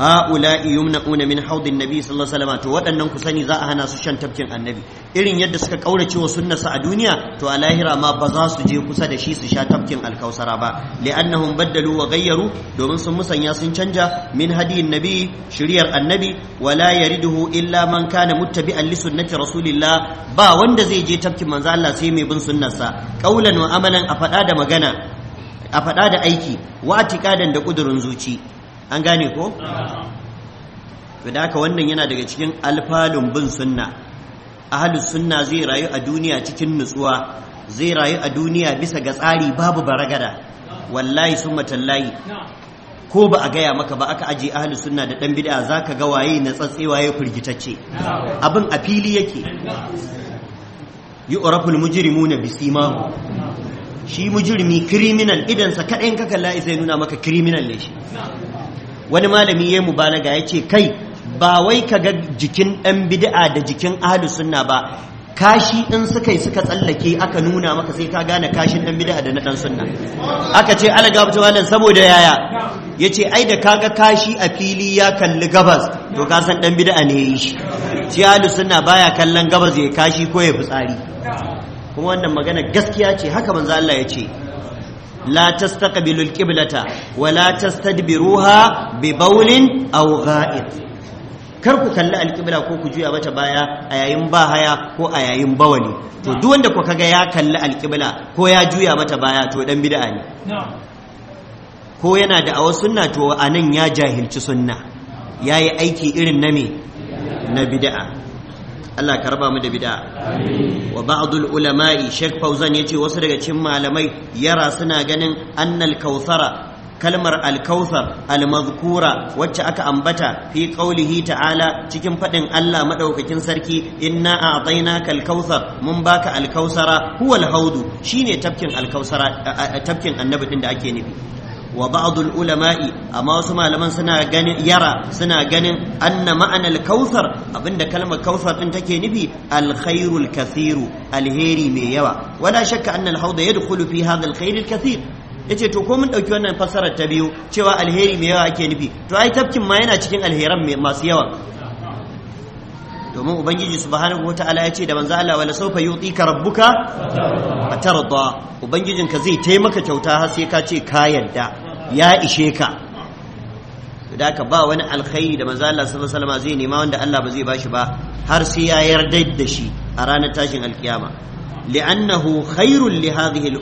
ha'ula'i yumna'una min haudin nabi sallallahu alaihi wasallam to waɗannan ku sani za a hana su shan tafkin annabi irin yadda suka kaurace wa sunnasa a duniya to a lahira ma ba za su je kusa da shi su sha tafkin alkausara ba li'annahum baddalu wa ghayyaru domin sun musanya sun canja min hadiyin nabi shiriyar annabi wala yariduhu illa man kana muttabi'an li sunnati rasulillah ba wanda zai je tafkin manzo Allah sai mai bin sunnarsa qaulan wa amalan a faɗa da magana a faɗa da aiki wa da ƙudurin zuci an gane ko wannan yana daga cikin alfalun bin sunna ahlus sunna zai rayu a duniya cikin nutsuwa zai rayu a duniya bisa ga tsari babu baragada wallahi sun matallahi ko ba a gaya maka ba aka aje ahlus sunna da dan bid'a zaka ga waye na tsatse waye firgitacce abin a fili yake yu'raful mujrimuna na shi mujrimi criminal idan sa kadan ka kalla sai nuna maka kiriminal ne shi wani malami ya mubalaga ya ce kai ba wai ka ga jikin ɗan bid'a da jikin ahlu sunna ba kashi in suka yi suka tsallake aka nuna maka sai ka gane kashin ɗan bid'a da na ɗan sunna aka ce ala gabata wannan saboda yaya ya ce ai da kaga kashi a fili ya kalli gabas to ka san ɗan bid'a ne ya yi shi shi ahlu sunna baya kallon gabas ya kashi ko ya fitsari kuma wannan magana gaskiya ce haka manzo Allah ya ce la تستقبل القبلة wa la ببول أو غائط karku kar ku kalli alqibla ko ku juya mata baya a yayin ba haya ko a yayin bawali to duk wanda ku kaga ya kalli alqibla ko ya juya mata baya to dan bid'a ne ko yana da awa sunna to anan ya jahilci sunna yayi aiki irin na me na bid'a Allah ka raba mu da bid'a wa ba'dul ulama'i Sheikh Fauzan yace wasu daga cikin malamai yara suna ganin annal kalmar alkausar, almaskura, wacce aka ambata fi qaulihi ta'ala cikin fadin Allah madaukakin sarki inna a'tainaka alkautsar mun baka alkausara huwa alhaudu shine tafkin tafkin annabi din da ake nufi wa ba'dul ulama'i amma wasu malaman suna ganin yara suna ganin anna ma'anar kautsar abinda kalmar kautsar din take nufi alkhairul kathiru alheri mai yawa wala shakka anna alhawda yadkhulu fi hadha alkhairil kathir yace to ko mun dauki wannan fassarar ta biyu cewa alheri mai yawa ake nufi to ai tafkin ma yana cikin alheran masu yawa domin ubangiji subhanahu wataala ya ce da manzo Allah wala sawfa yutika rabbuka fatarda ka zai taimaka kyauta har sai ka ce ka yarda ya ishe ka da ka ba wani alkhairi da manzo Allah sallallahu alaihi wasallam zai nema wanda Allah ba zai bashi ba har sai ya yarda da shi a ranar tashin alkiyama li'annahu khairul li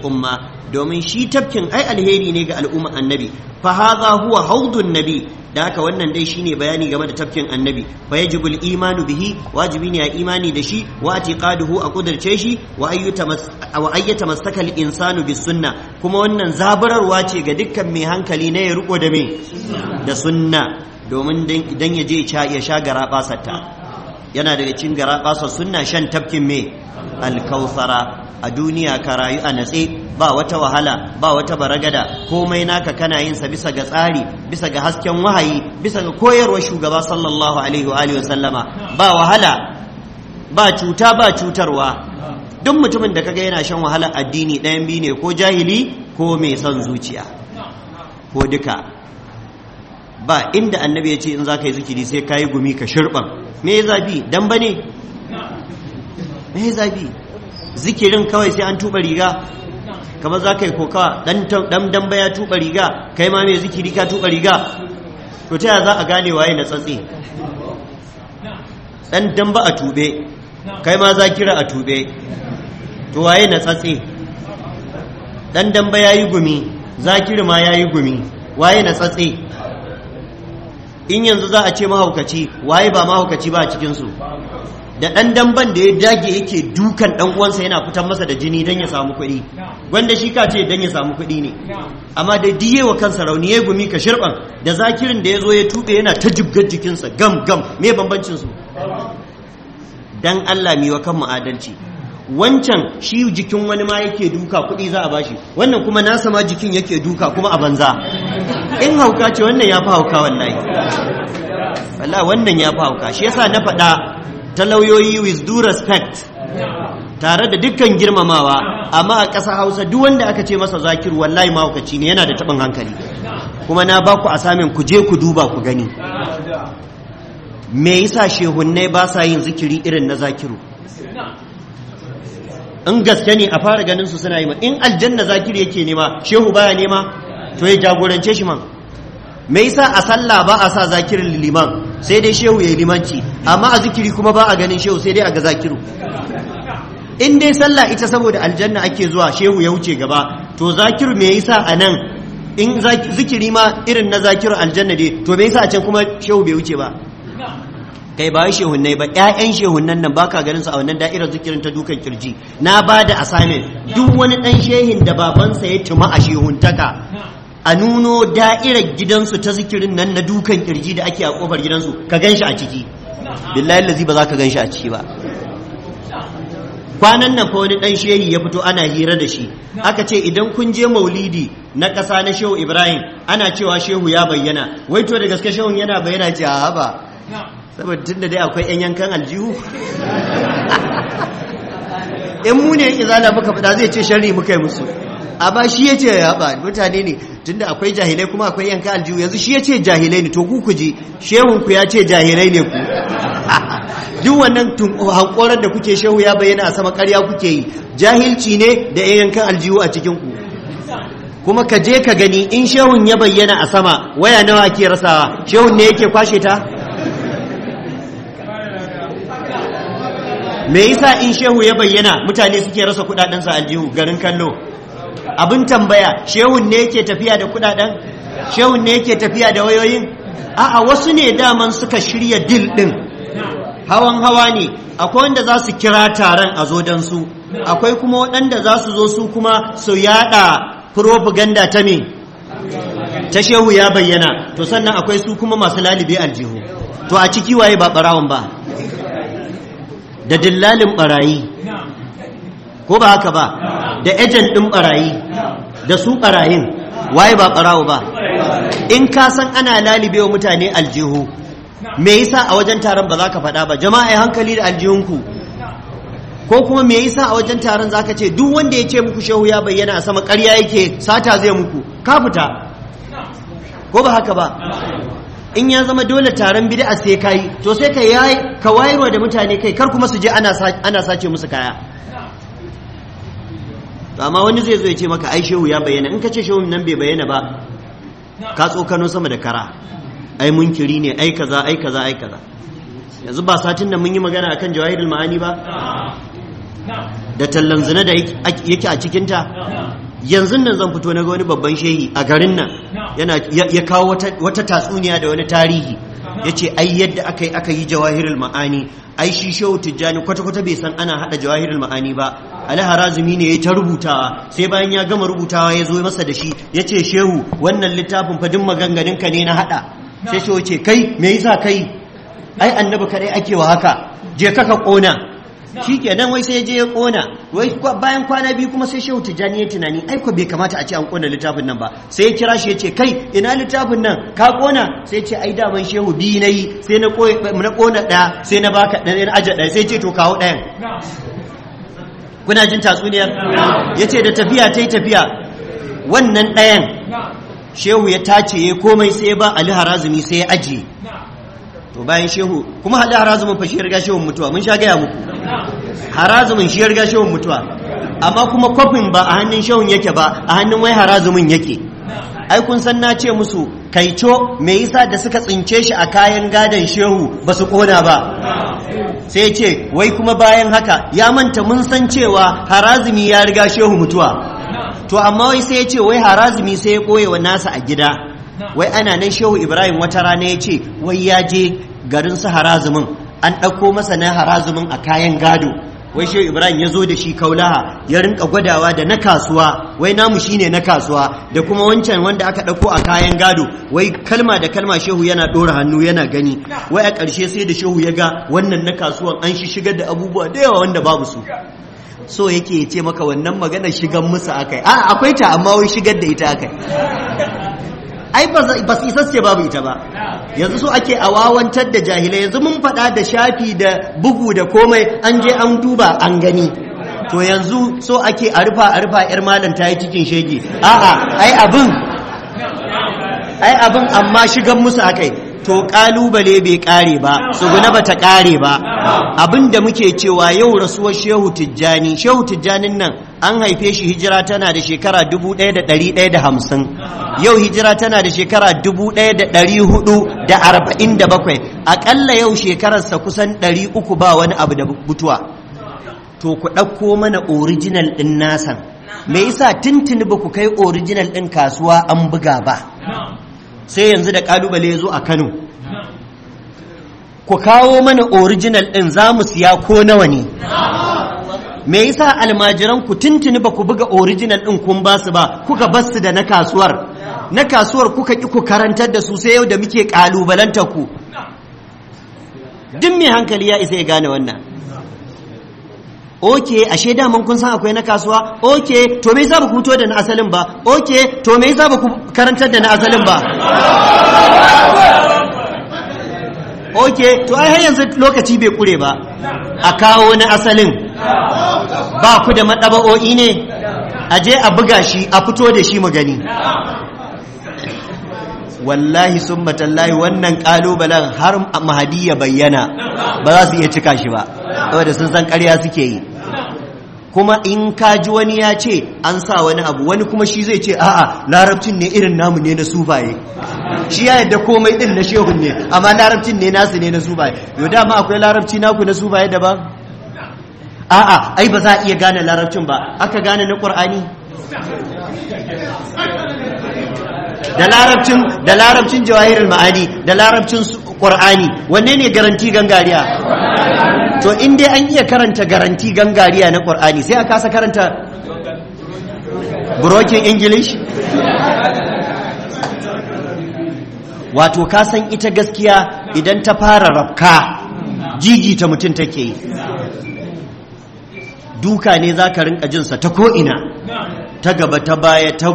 umma domin shi tafkin ai alheri ne ga al'umma annabi fa hadha huwa haudun nabi da haka wannan dai shine bayani game da tafkin annabi fa yajibul imanu bihi wajibi ne a imani da shi wa atiqaduhu a kudirce shi wa ayyata masaka al-insanu bi sunna kuma wannan zabararwa ce ga dukkan mai hankali na ya riko da me da sunna domin dan ya je ya sha garaba satta yana daga cikin gara ƙasa sunna shan tafkin me alkausara a duniya ka rayu a natse ba wata wahala ba wata baragada komai naka kana yin sa bisa ga tsari bisa ga hasken wahayi bisa ga koyarwar shugaba sallallahu alaihi wa sallama ba wahala ba cuta ba cutarwa duk mutumin da kaga yana shan wahala addini ɗayan biyu ne ko jahili ko mai son zuciya ko duka ba inda annabi ya ce in za ka yi zikiri sai ka yi gumi ka shirɓan me ya zafi dan ba ne me ya zafi zikirin kawai sai an tuba riga Kama za ka yi kokawa dan dan ya tuba riga kai ma mai zikiri ka tuba riga to ta za a gane waye na tsatsi dan dan ba a tube kai ma za kira a tube to waye na tsatsi dan dan ba yi gumi zakiri ma ya yi gumi waye na tsatsi in yanzu za a ce mahaukaci waye ba mahaukaci ba a cikinsu da ɗan damban da ya dage yake dukan ɗan uwansa yana fitan masa da jini don ya samu kuɗi gwanda shi ka ce don ya samu kuɗi ne amma da diye wa kansa rauni ya gumi ka shirɓan da zakirin da ya zo ya tuɓe yana ta jibgar jikinsa gam gam me bambancin su dan Allah mi wa kanmu adalci wancan shi jikin wani ma yake duka kuɗi za a bashi wannan kuma nasa ma jikin yake duka kuma a banza in hauka ce wannan ya fi hauka wallahi wallahi wannan ya fi hauka shi yasa na faɗa ta lauyoyi with due respect tare da dukkan girmamawa amma a ƙasa hausa duk wanda aka ce masa zakir wallahi mahaukaci ne yana da taɓin hankali kuma na ba ku a samin ku je ku duba ku gani me yasa shehunnai ba sa yin zikiri irin na zakiru in gaske ne a fara ganin su suna yi ma in aljanna zakiri yake nema shehu baya nema to ya jagorance shi man me yasa a sallah ba a sa zakir liman sai dai shehu yayi limanci amma a zikiri kuma ba a ganin shehu sai dai a ga zakiru in dai sallah ita saboda aljanna ake zuwa shehu ya wuce gaba to zakiru me yasa anan in zikiri ma irin na zakir aljanna dai to me yasa a can kuma shehu bai wuce ba kai ba shehunnai ba ƴaƴan shehunnan nan baka ganin su a wannan da'irar zikirin ta dukan kirji na ba da assignment duk wani dan shehin da babansa ya tuma a shehuntaka a nuno da'irar gidansu ta zikirin nan na dukan kirji da ake a kofar gidansu ka gan shi a ciki billahi lazi ba za ka ganshi a ciki ba kwanan nan ko wani ɗan shehi ya fito ana hira da shi aka ce idan kun je maulidi na ƙasa na shehu ibrahim ana cewa shehu ya bayyana wai to da gaske shehun yana bayyana ce a haba saboda tun da dai akwai 'yan yankan aljihu in mu ne izala muka fada zai ce shari muka yi musu ba shi ya ce ya mutane ne Tun da akwai jahilai kuma akwai yankan aljihu yanzu shi ya ce jahilai ne to ku ku ji shehunku ya ce jahilai ne ku duk wannan hankoron da kuke shehu ya bayyana a sama karya kuke yi jahilci ne da yan yankan aljihu a cikin ku kuma ka je ka gani in shehun ya bayyana a sama waya nawa ke rasawa shehun ne yake kwashe ta me yasa in shehu ya bayyana mutane suke rasa kudaden su aljihu garin kallo abin tambaya shehun ne yake tafiya da kudaden shehun ne yake tafiya da wayoyin a'a wasu ne daman suka shirya dil din hawan hawa ne akwai wanda za su kira taron a zo don su akwai kuma waɗanda za su zo su kuma su yada propaganda ta me ta shehu ya bayyana to sannan akwai su kuma masu lalibe aljihu to a ciki waye ba barawon ba da dillalin barayi ko ba haka ba da ejen ɗin barayi da su barayin waye ba barawo ba in ka san ana lalibe wa mutane aljihu me yasa a wajen taron ba za ka faɗa ba jama'a hankali da aljihunku ko kuma me yasa a wajen taron za ka ce duk wanda ya ce muku shehu ya bayyana sama ƙarya yake sata zai muku ka fita ko ba haka ba in ya zama dole taron bid'a sai kai to sai ka yayi ka wayarwa da mutane kai kar kuma su je ana ana sace musu kaya to amma wani zai zo ya ce maka ai shehu ya bayyana in ka ce shehu nan bai bayyana ba ka tsokano sama da kara ai munkiri ne ai kaza ai kaza ai kaza yanzu ba satin da mun yi magana akan jawahirul ma'ani ba da tallan zina da yake a cikinta yanzu nan zan fito na ga wani babban shehi a garin nan yana ya kawo wata tatsuniya da wani tarihi ya ce ai yadda aka yi aka yi jawahirul ma'ani ai shi shehu tijjani kwata-kwata bai san ana hada jawahirul ma'ani ba ali harazumi ne ya ta rubutawa sai bayan ya gama rubutawa ya zo masa da shi ya ce shehu wannan littafin fadin maganganun ka ne na hada sai shehu ce kai me yasa kai ai annabi kadai ake wa haka je ka ka kona shi kenan wai sai je ya kona wai bayan kwana biyu kuma sai shehu tijani ya tunani ai bai kamata a ce an kona littafin nan ba sai ya kira shi ya ce kai ina littafin nan ka kona sai ya ce ai daman shehu biyu na yi sai na kona ɗaya sai na baka ɗaya na aja ɗaya sai ce to kawo ɗayan kuna jin tatsuniyar ya ce da tafiya ta yi tafiya wannan ɗayan shehu ya tace ya komai sai ba ali harazumi sai ya ajiye to bayan shehu kuma hali harazumin fa shi riga shehun mutuwa mun sha gaya muku harazumin shi ya riga shehun mutuwa amma kuma kofin ba a hannun shehun yake ba a hannun wai harazumin yake ai kun san na ce musu kaico me yasa da suka tsince shi a kayan gadon shehu ba su kona ba sai ce wai kuma bayan haka ya manta mun san cewa harazumi ya riga shehu mutuwa to amma wai sai ya ce wai harazumi sai ya koyewa wa nasa a gida wai ana nan shehu ibrahim wata rana ya ce wai ya je garin su harazumin an ɗauko masa na harazumin a kayan gado wai shi ibrahim ya zo da shi kaulaha ya rinka gwadawa da na kasuwa wai namu shi ne na kasuwa da kuma wancan wanda aka ɗauko a kayan gado wai kalma da kalma shehu yana ɗora hannu yana gani wai a ƙarshe sai da shehu ya ga wannan na kasuwan an shi shigar da abubuwa da yawa wanda babu su so yake ya ce maka wannan maganar shigar musu akai a akwai ta amma wai shigar da ita akai ai ba su isasce babu ita ba yanzu so ake awawantar da jahilai yanzu mun faɗa da shafi da bugu da komai an je an duba an gani to yanzu so ake a rufa a rufa yar malam ta yi cikin shege a'a ai abin ai abin amma shigan musu akai to kalubale bai kare ba tsuguna bata kare ba abinda muke cewa yau rasuwar shehu tijjani shehu tijjanin nan an haife shi hijira tana da shekara 1150 yau hijira tana da shekara 1447 akalla yau shekararsa kusan 300 ba wani abu da butuwa. to ku ɗauko mana original ɗin nasan me yasa tintini ba ku kai original ɗin kasuwa an buga ba sai yanzu da kalubale ya zo a kano ku kawo mana original ɗin za mu siya ko nawa ne me yasa almajiran ku tuntuni ba ku buga original ɗin kun ba su ba kuka bar da na kasuwar na kasuwar kuka ki ku karantar da su sai yau da muke ƙalubalanta ku duk mai hankali ya isa ya gane wannan oke ashe daman kun san akwai na kasuwa oke to me yasa ba ku fito da na asalin ba oke to me yasa ku karantar da na asalin ba oke to ai har yanzu lokaci bai kure ba a kawo na asalin ba ku da madaba'o'i ne a je a buga shi a fito da shi mu gani wallahi sun matallahi wannan kalubalen har mahadi ya bayyana ba za su iya cika shi ba saboda sun san karya suke yi kuma in ka ji wani ya ce an sa wani abu wani kuma shi zai ce a'a larabcin ne irin namu ne na sufaye shi ya yadda komai din na shehu ne amma larabcin ne nasu ne na sufaye yau dama akwai larabci naku na sufaye daban a'a ai ba za a iya gane larabcin ba aka gane na ƙur'ani da larabcin da larabcin jawahirul ma'ani da larabcin qur'ani wanne ne garanti gangariya to in dai an iya karanta garanti gangariya na qur'ani sai a kasa karanta broken english wato ka san ita gaskiya idan ta fara rafka jiji ta mutum take yi duka ne za ka rinka jinsa ta ko'ina ta gaba ta baya ta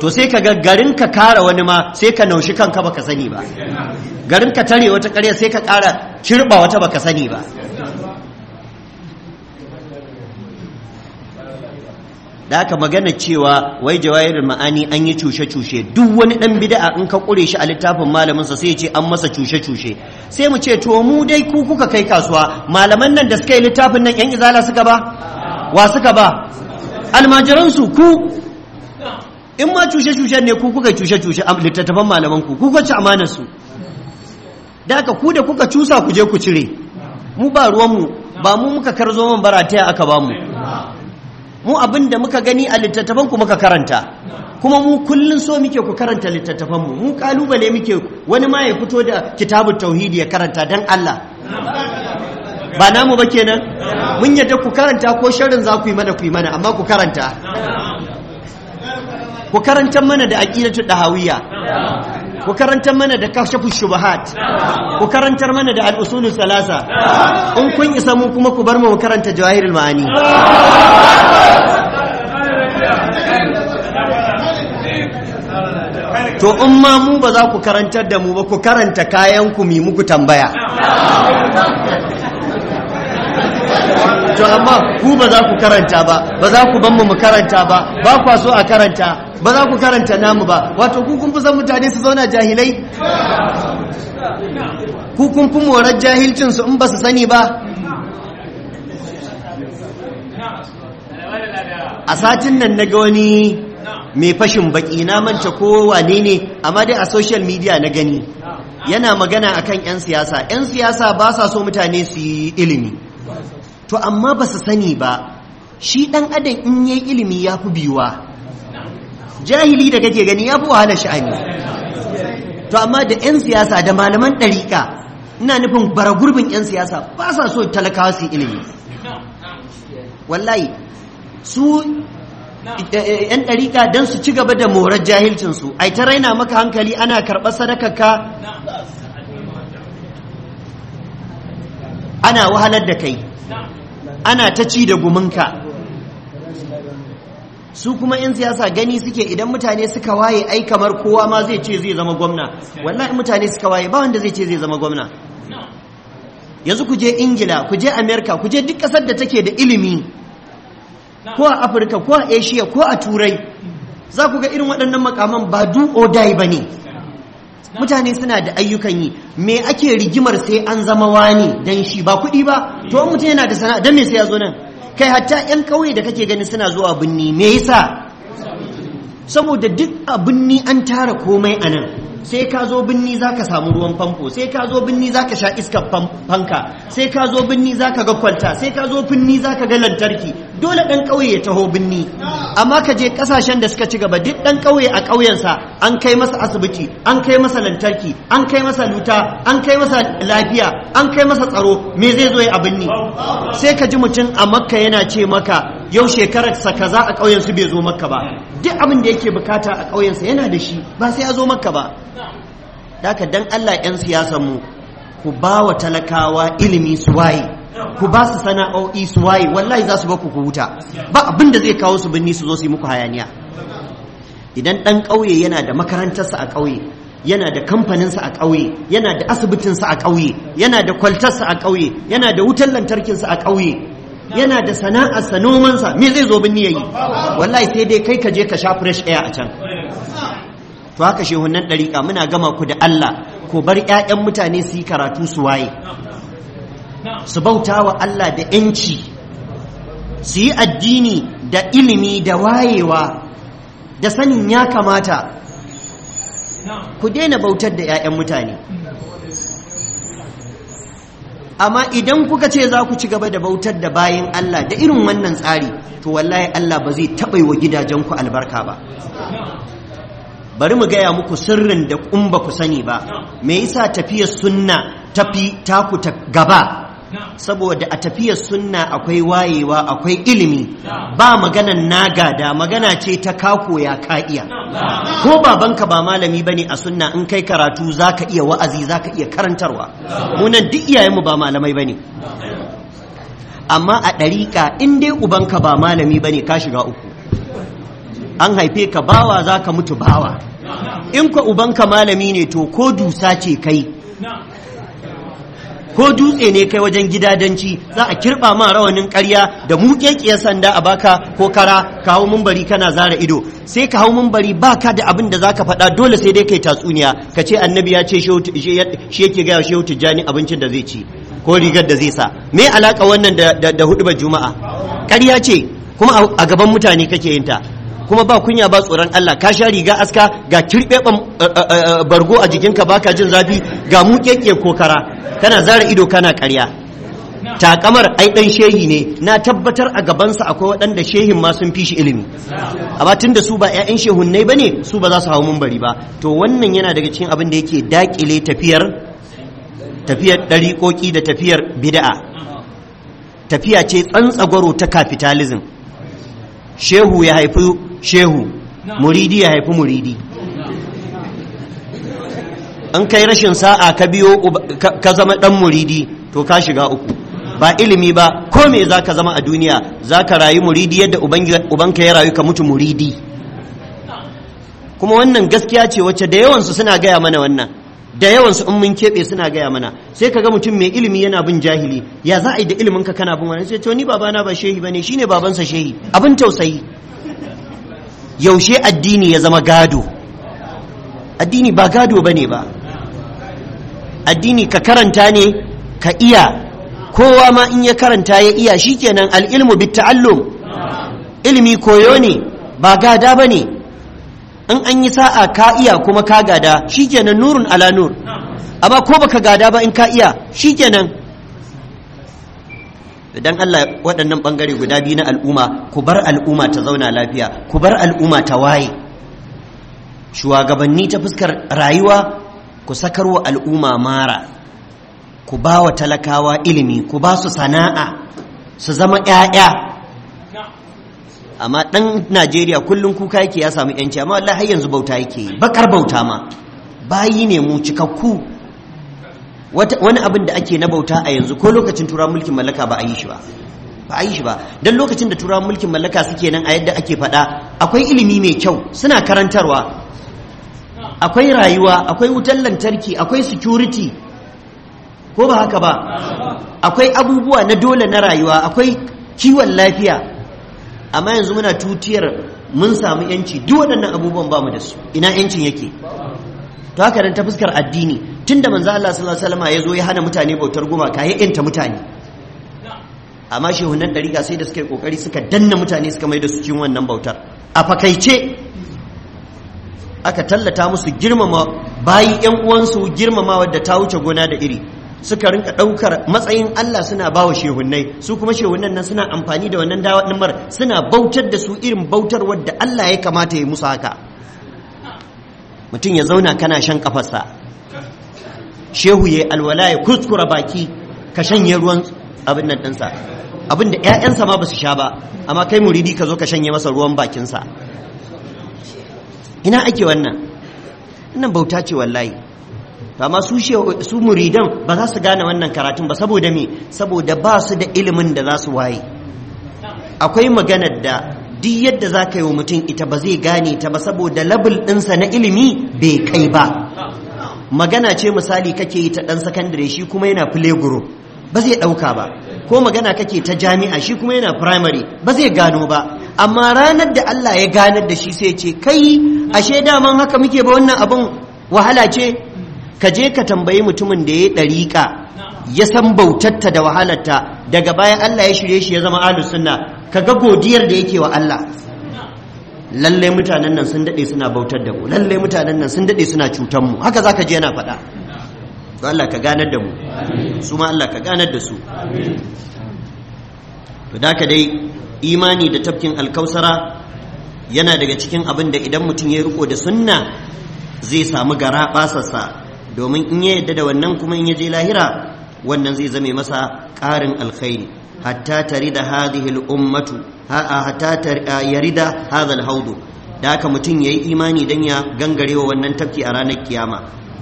to sai ka ga garin ka kara wani ma sai ka naushi kanka baka sani ba garin ka tare wata ƙarya sai ka kara kirba wata baka sani ba da aka magana cewa wai jawahirul ma'ani an yi cushe-cushe duk wani ɗan bida'a in ka kure shi a littafin malamin sa sai ya ce an masa cushe-cushe sai mu ce to mu dai ku kuka kai kasuwa malaman nan da suka yi littafin nan yan izala suka ba wa suka ba almajiran su ku in ma cushe-cushen ne ku kuka cushe-cushe a littattafan malaman ku kuka ci amanarsu? da aka ku da kuka cusa ku je ku cire mu ba ruwanmu ba mu muka karzo man taya aka ba mu mu abin muka gani a littattafan ku muka karanta kuma mu kullun so muke ku karanta littattafan mu mu kalubale muke wani ma ya fito da kitabun tauhidi ya karanta dan Allah ba namu ba kenan mun yadda ku karanta ko sharrin za ku yi mana ku yi mana amma ku karanta ku karanta mana da aqidatu dahawiyya ku karanta mana da kashfu shubahat ku karanta mana da al-usul salasa in kun isa mu kuma ku bar mu karanta jawahirul ma'ani to umma mu ba za ku karantar da mu ba ku karanta kayan ku mi muku tambaya to amma ku ba za ku karanta ba ba za ku ban mu mu karanta ba ba kwa so a karanta ba za ku karanta namu ba wato ku kun fi san mutane su zauna jahilai ku kun fi morar jahilcin su in ba su sani ba a satin nan na ga wani mai fashin baki na manta ko wane ne amma dai a social media na gani yana magana akan 'yan siyasa 'yan siyasa ba sa so mutane su yi ilimi to amma ba su sani ba shi ɗan adam in yi ilimi ya fi biyuwa jahili da kake gani ya fi wahala sha'ani to amma da 'yan siyasa da malaman ɗariƙa ina nufin bara gurbin 'yan siyasa ba sa so talakawa su ilimi wallahi su 'yan ɗarika don su ci gaba da morar jahilcinsu ai ta raina maka hankali ana karɓar sadakaka ana wahalar da kai ana ta ci da guminka su kuma 'yan siyasa gani suke idan mutane suka waye ai kamar kowa ma zai ce zai zama gwamna wallahi mutane suka waye ba wanda zai ce zai zama gwamna yanzu ku je ingila ku je kuje ku je duk ƙasar da take da ilimi ko a afirka ko a asia ko a turai za ku ga irin waɗannan makaman ba du-o-dai ba ne mutane suna da ayyukan yi me ake rigimar sai an zama wani dan shi ba kuɗi ba to mutum yana da sana'a dan me sai ya zo nan kai hatta yan kauye da kake gani suna zuwa binni me yasa saboda duk a binni an tara komai a nan sai ka zo binni za ka samu ruwan famfo sai ka zo binni za ka sha iskar fanka sai ka zo binni za ka ga kwalta sai ka zo binni za ka ga lantarki dole ɗan ƙauye ya taho binni amma ka je ƙasashen da suka ci gaba duk ɗan ƙauye a ƙauyensa an kai masa asibiti an kai masa lantarki an kai masa luta an kai masa lafiya an kai masa tsaro me zai zo ya a binni sai ka ji mutum a makka yana ce maka yau shekarar sa kaza a ƙauyensu bai zo makka ba duk abin da yake bukata a ƙauyensa yana da shi ba sai ya zo makka ba daka dan Allah 'yan mu ku ba wa talakawa ilimi su waye ku ba su sana'o'i su waye wallahi za su ba ku ku huta ba abin da zai kawo su binni su zo su yi muku hayaniya idan ɗan ƙauye yana da makarantarsa a ƙauye yana da kamfaninsa a ƙauye yana da asibitinsa a ƙauye yana da kwaltarsa a ƙauye yana da wutar lantarkinsa a ƙauye yana da sana'arsa nomansa me zai zo binni yayi wallahi sai dai kai ka je ka sha fresh air a can to haka shehunan ɗariƙa muna gama ku da Allah ko bar 'ya'yan mutane su yi karatu su waye su bauta wa Allah da ‘yanci su yi addini da ilimi da wayewa da sanin ya kamata ku daina bautar da ‘ya'yan mutane amma idan kuka ce za ku ci gaba da bautar da bayan Allah da irin wannan tsari to wallahi Allah ba zai taɓa wa gidajenku albarka ba bari mu gaya muku sirrin da ƙumba ba ku sani ba me yasa tafiyar sunna tafi taku ta gaba saboda a tafiyar sunna akwai wayewa akwai ilimi ba maganan gada, magana ce ta kako ya ka iya ko babanka ba malami ba ne a sunna in kai karatu za ka iya wa'azi za ka iya karantarwa munan duk iyayenmu ba malamai ba ne. amma a ɗariƙa in dai ubanka ba malami ba ne, ka shiga uku an haife ka bawa za ka mutu bawa in ka ubanka malami ne to ko dusa ce kai ko dutse ne kai wajen gidadanci za a kirba ma rawanin ƙarya da muƙeƙiyar sanda a baka ko kara ka hau mumbari kana zara ido sai ka hau mumbari ka da abin da zaka faɗa dole sai dai kai tatsuniya ka ce annabi ya ce shi yake gaya shehu tijjani abincin da zai ci ko rigar da zai sa me alaka wannan da hudubar juma'a ƙarya ce kuma a gaban mutane kake yin ta kuma ba kunya ba tsoron Allah ka sha riga aska ga kirbeban eh, eh, eh, bargo a jikinka baka jin zafi ga ko kokara kana zara ido kana ƙarya takamar ai dan shehi ne na tabbatar a gabansa akwai waɗanda shehin ma sun fi shi ilimi amma tunda su ba 'ya'yan shehunnai ne su ba za su hawo mumbari ba to wannan yana daga cikin abin da yake daƙile tafiyar tafiyar dariƙoƙi da tafiyar bida'a. tafiya ce tsantsagwaro ta capitalism shehu ya haifi shehu muridi ya haifi muridi an kai rashin sa'a ka biyo ka zama dan muridi to ka shiga uku ba ilimi ba ko me za ka zama a duniya za ka rayu muridi yadda ubanka ya rayu ka mutu muridi kuma wannan gaskiya ce wacce da yawansu suna gaya mana wannan da yawansu in mun keɓe suna gaya mana sai ka ga mutum mai ilimi yana bin jahili ya za a yi da ilimin ka kana bin wani sai to ni babana ba shehi bane shine babansa shehi abin tausayi yaushe addini ya zama gado addini ba gado ne ba addini ka karanta ne ka iya kowa ma in ya karanta ya iya shi shikenan al'ilmu bi ta'allum ilimi koyo ne ba gada ba ne. in an yi sa'a ka iya kuma ka gada shikenan nurun ala nur amma ko baka gada ba in ka iya shi shikenan dan Allah waɗannan ɓangare guda biyu na al'umma ku bar al'umma ta zauna lafiya ku bar al'umma ta waye shugabanni ta fuskar rayuwa ku sakarwa al'umma mara ku ba wa talakawa ilimi ku ba su sana'a su zama 'ya'ya amma ɗan najeriya kullum kuka yake ya samu 'yanci amma wallahi har yanzu bauta yake bakar bauta ma bayi ne mu cikakku wani abin da ake na bauta a yanzu ko lokacin tura mulkin mallaka ba a yi shi ba ba a yi shi ba don lokacin da tura mulkin mallaka suke nan a yadda ake faɗa akwai ilimi mai kyau suna karantarwa akwai rayuwa akwai wutar lantarki akwai security ko ba haka ba akwai abubuwa na dole na rayuwa akwai kiwon lafiya amma yanzu muna tutiyar mun samu yanci duk waɗannan abubuwan ba mu da su ina yancin yake to haka ta fuskar addini tunda manzo Allah sallallahu alaihi wasallam ya zo ya hana mutane bautar gumaka ya yanta mutane amma shehunan dariga sai da suka yi kokari suka danna mutane suka mai da su cin wannan bautar a fakaice aka tallata musu girmama bayi yan uwansu girmama wadda ta wuce gona da iri suka rinka ɗaukar matsayin Allah suna ba wa shehunnai su kuma shehunan nan suna amfani da wannan damar suna bautar da su irin bautar wadda Allah ya kamata ya musu haka mutum ya zauna kana shan kafarsa shehu ya yi alwala ya kuskura baki ka shanye ruwan abin nan ɗinsa abin da ‘ya'yansa ma ba su sha ba amma kai muridi ka zo ka shanye masa ruwan bakinsa ina ake wannan nan bauta ce wallahi amma su su muridan ba za su gane wannan karatun ba saboda me saboda ba su da ilimin da za su waye akwai maganar da duk yadda za ka yi wa mutum ita ba zai gane ta ba saboda labul ɗinsa na ilimi bai kai ba magana ce misali kake yi ta ɗan sakandare shi kuma yana play group ba zai ɗauka ba ko magana kake ta jami'a shi kuma yana firamare ba zai gano ba amma ranar da Allah ya ganar da shi sai ce kai ashe daman haka muke ba wannan abun wahala ce ka je ka tambayi mutumin da ya ɗariƙa ya san bautatta da wahalarta daga baya Allah ya shirye shi ya zama ahlus sunna kaga godiyar da yake wa Allah lalle mutanen nan sun dade suna bautar da mu lalle mutanen nan sun dade suna cutar mu haka zaka je yana faɗa to Allah ka ganar da mu su ma Allah ka ganar da su to da ka dai imani da tafkin alkausara yana daga cikin abin da idan mutum ya riko da sunna zai samu gara basarsa domin in ya yadda da wannan kuma in ya je lahira wannan zai zame masa ƙarin alkhairi hatta tare da hadihil ummatu ya rida hazal haudu da haka mutum ya yi imani dan ya gangarewa wannan tafki a ranar kiyama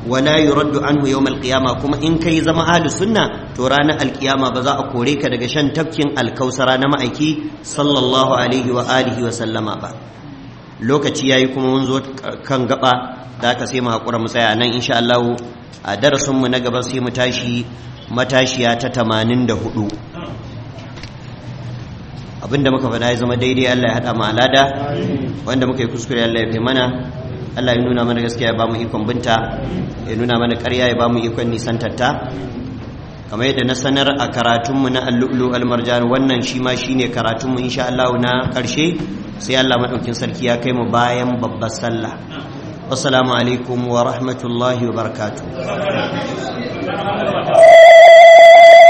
wala yuraddu anhu yawmal qiyama kuma in ka yi zama ahlus sunna to ranar alkiyama ba za a kore ka daga shan tafkin alkausara na ma'aiki sallallahu alaihi wa alihi wa sallama ba lokaci yayi kuma mun zo kan gaba da ka sai mu hakura mu tsaya nan insha Allah a darasin mu na gaba sai mu tashi matashiya ta 84 abinda muka fada ya zama daidai Allah ya haɗa mu alada wanda muka yi kuskure Allah ya fi mana Allah ya nuna mana gaskiya ya ba mu ikon binta ya nuna mana ƙarya ya ba mu ikon tatta kamar yadda na sanar a karatunmu na al al marjan wannan shi ma shine karatunmu insha Allah na karshe sai Allah madaukin sarki ya kai mu bayan babbar sallah assalamu alaikum wa rahmatullahi wa barakatuh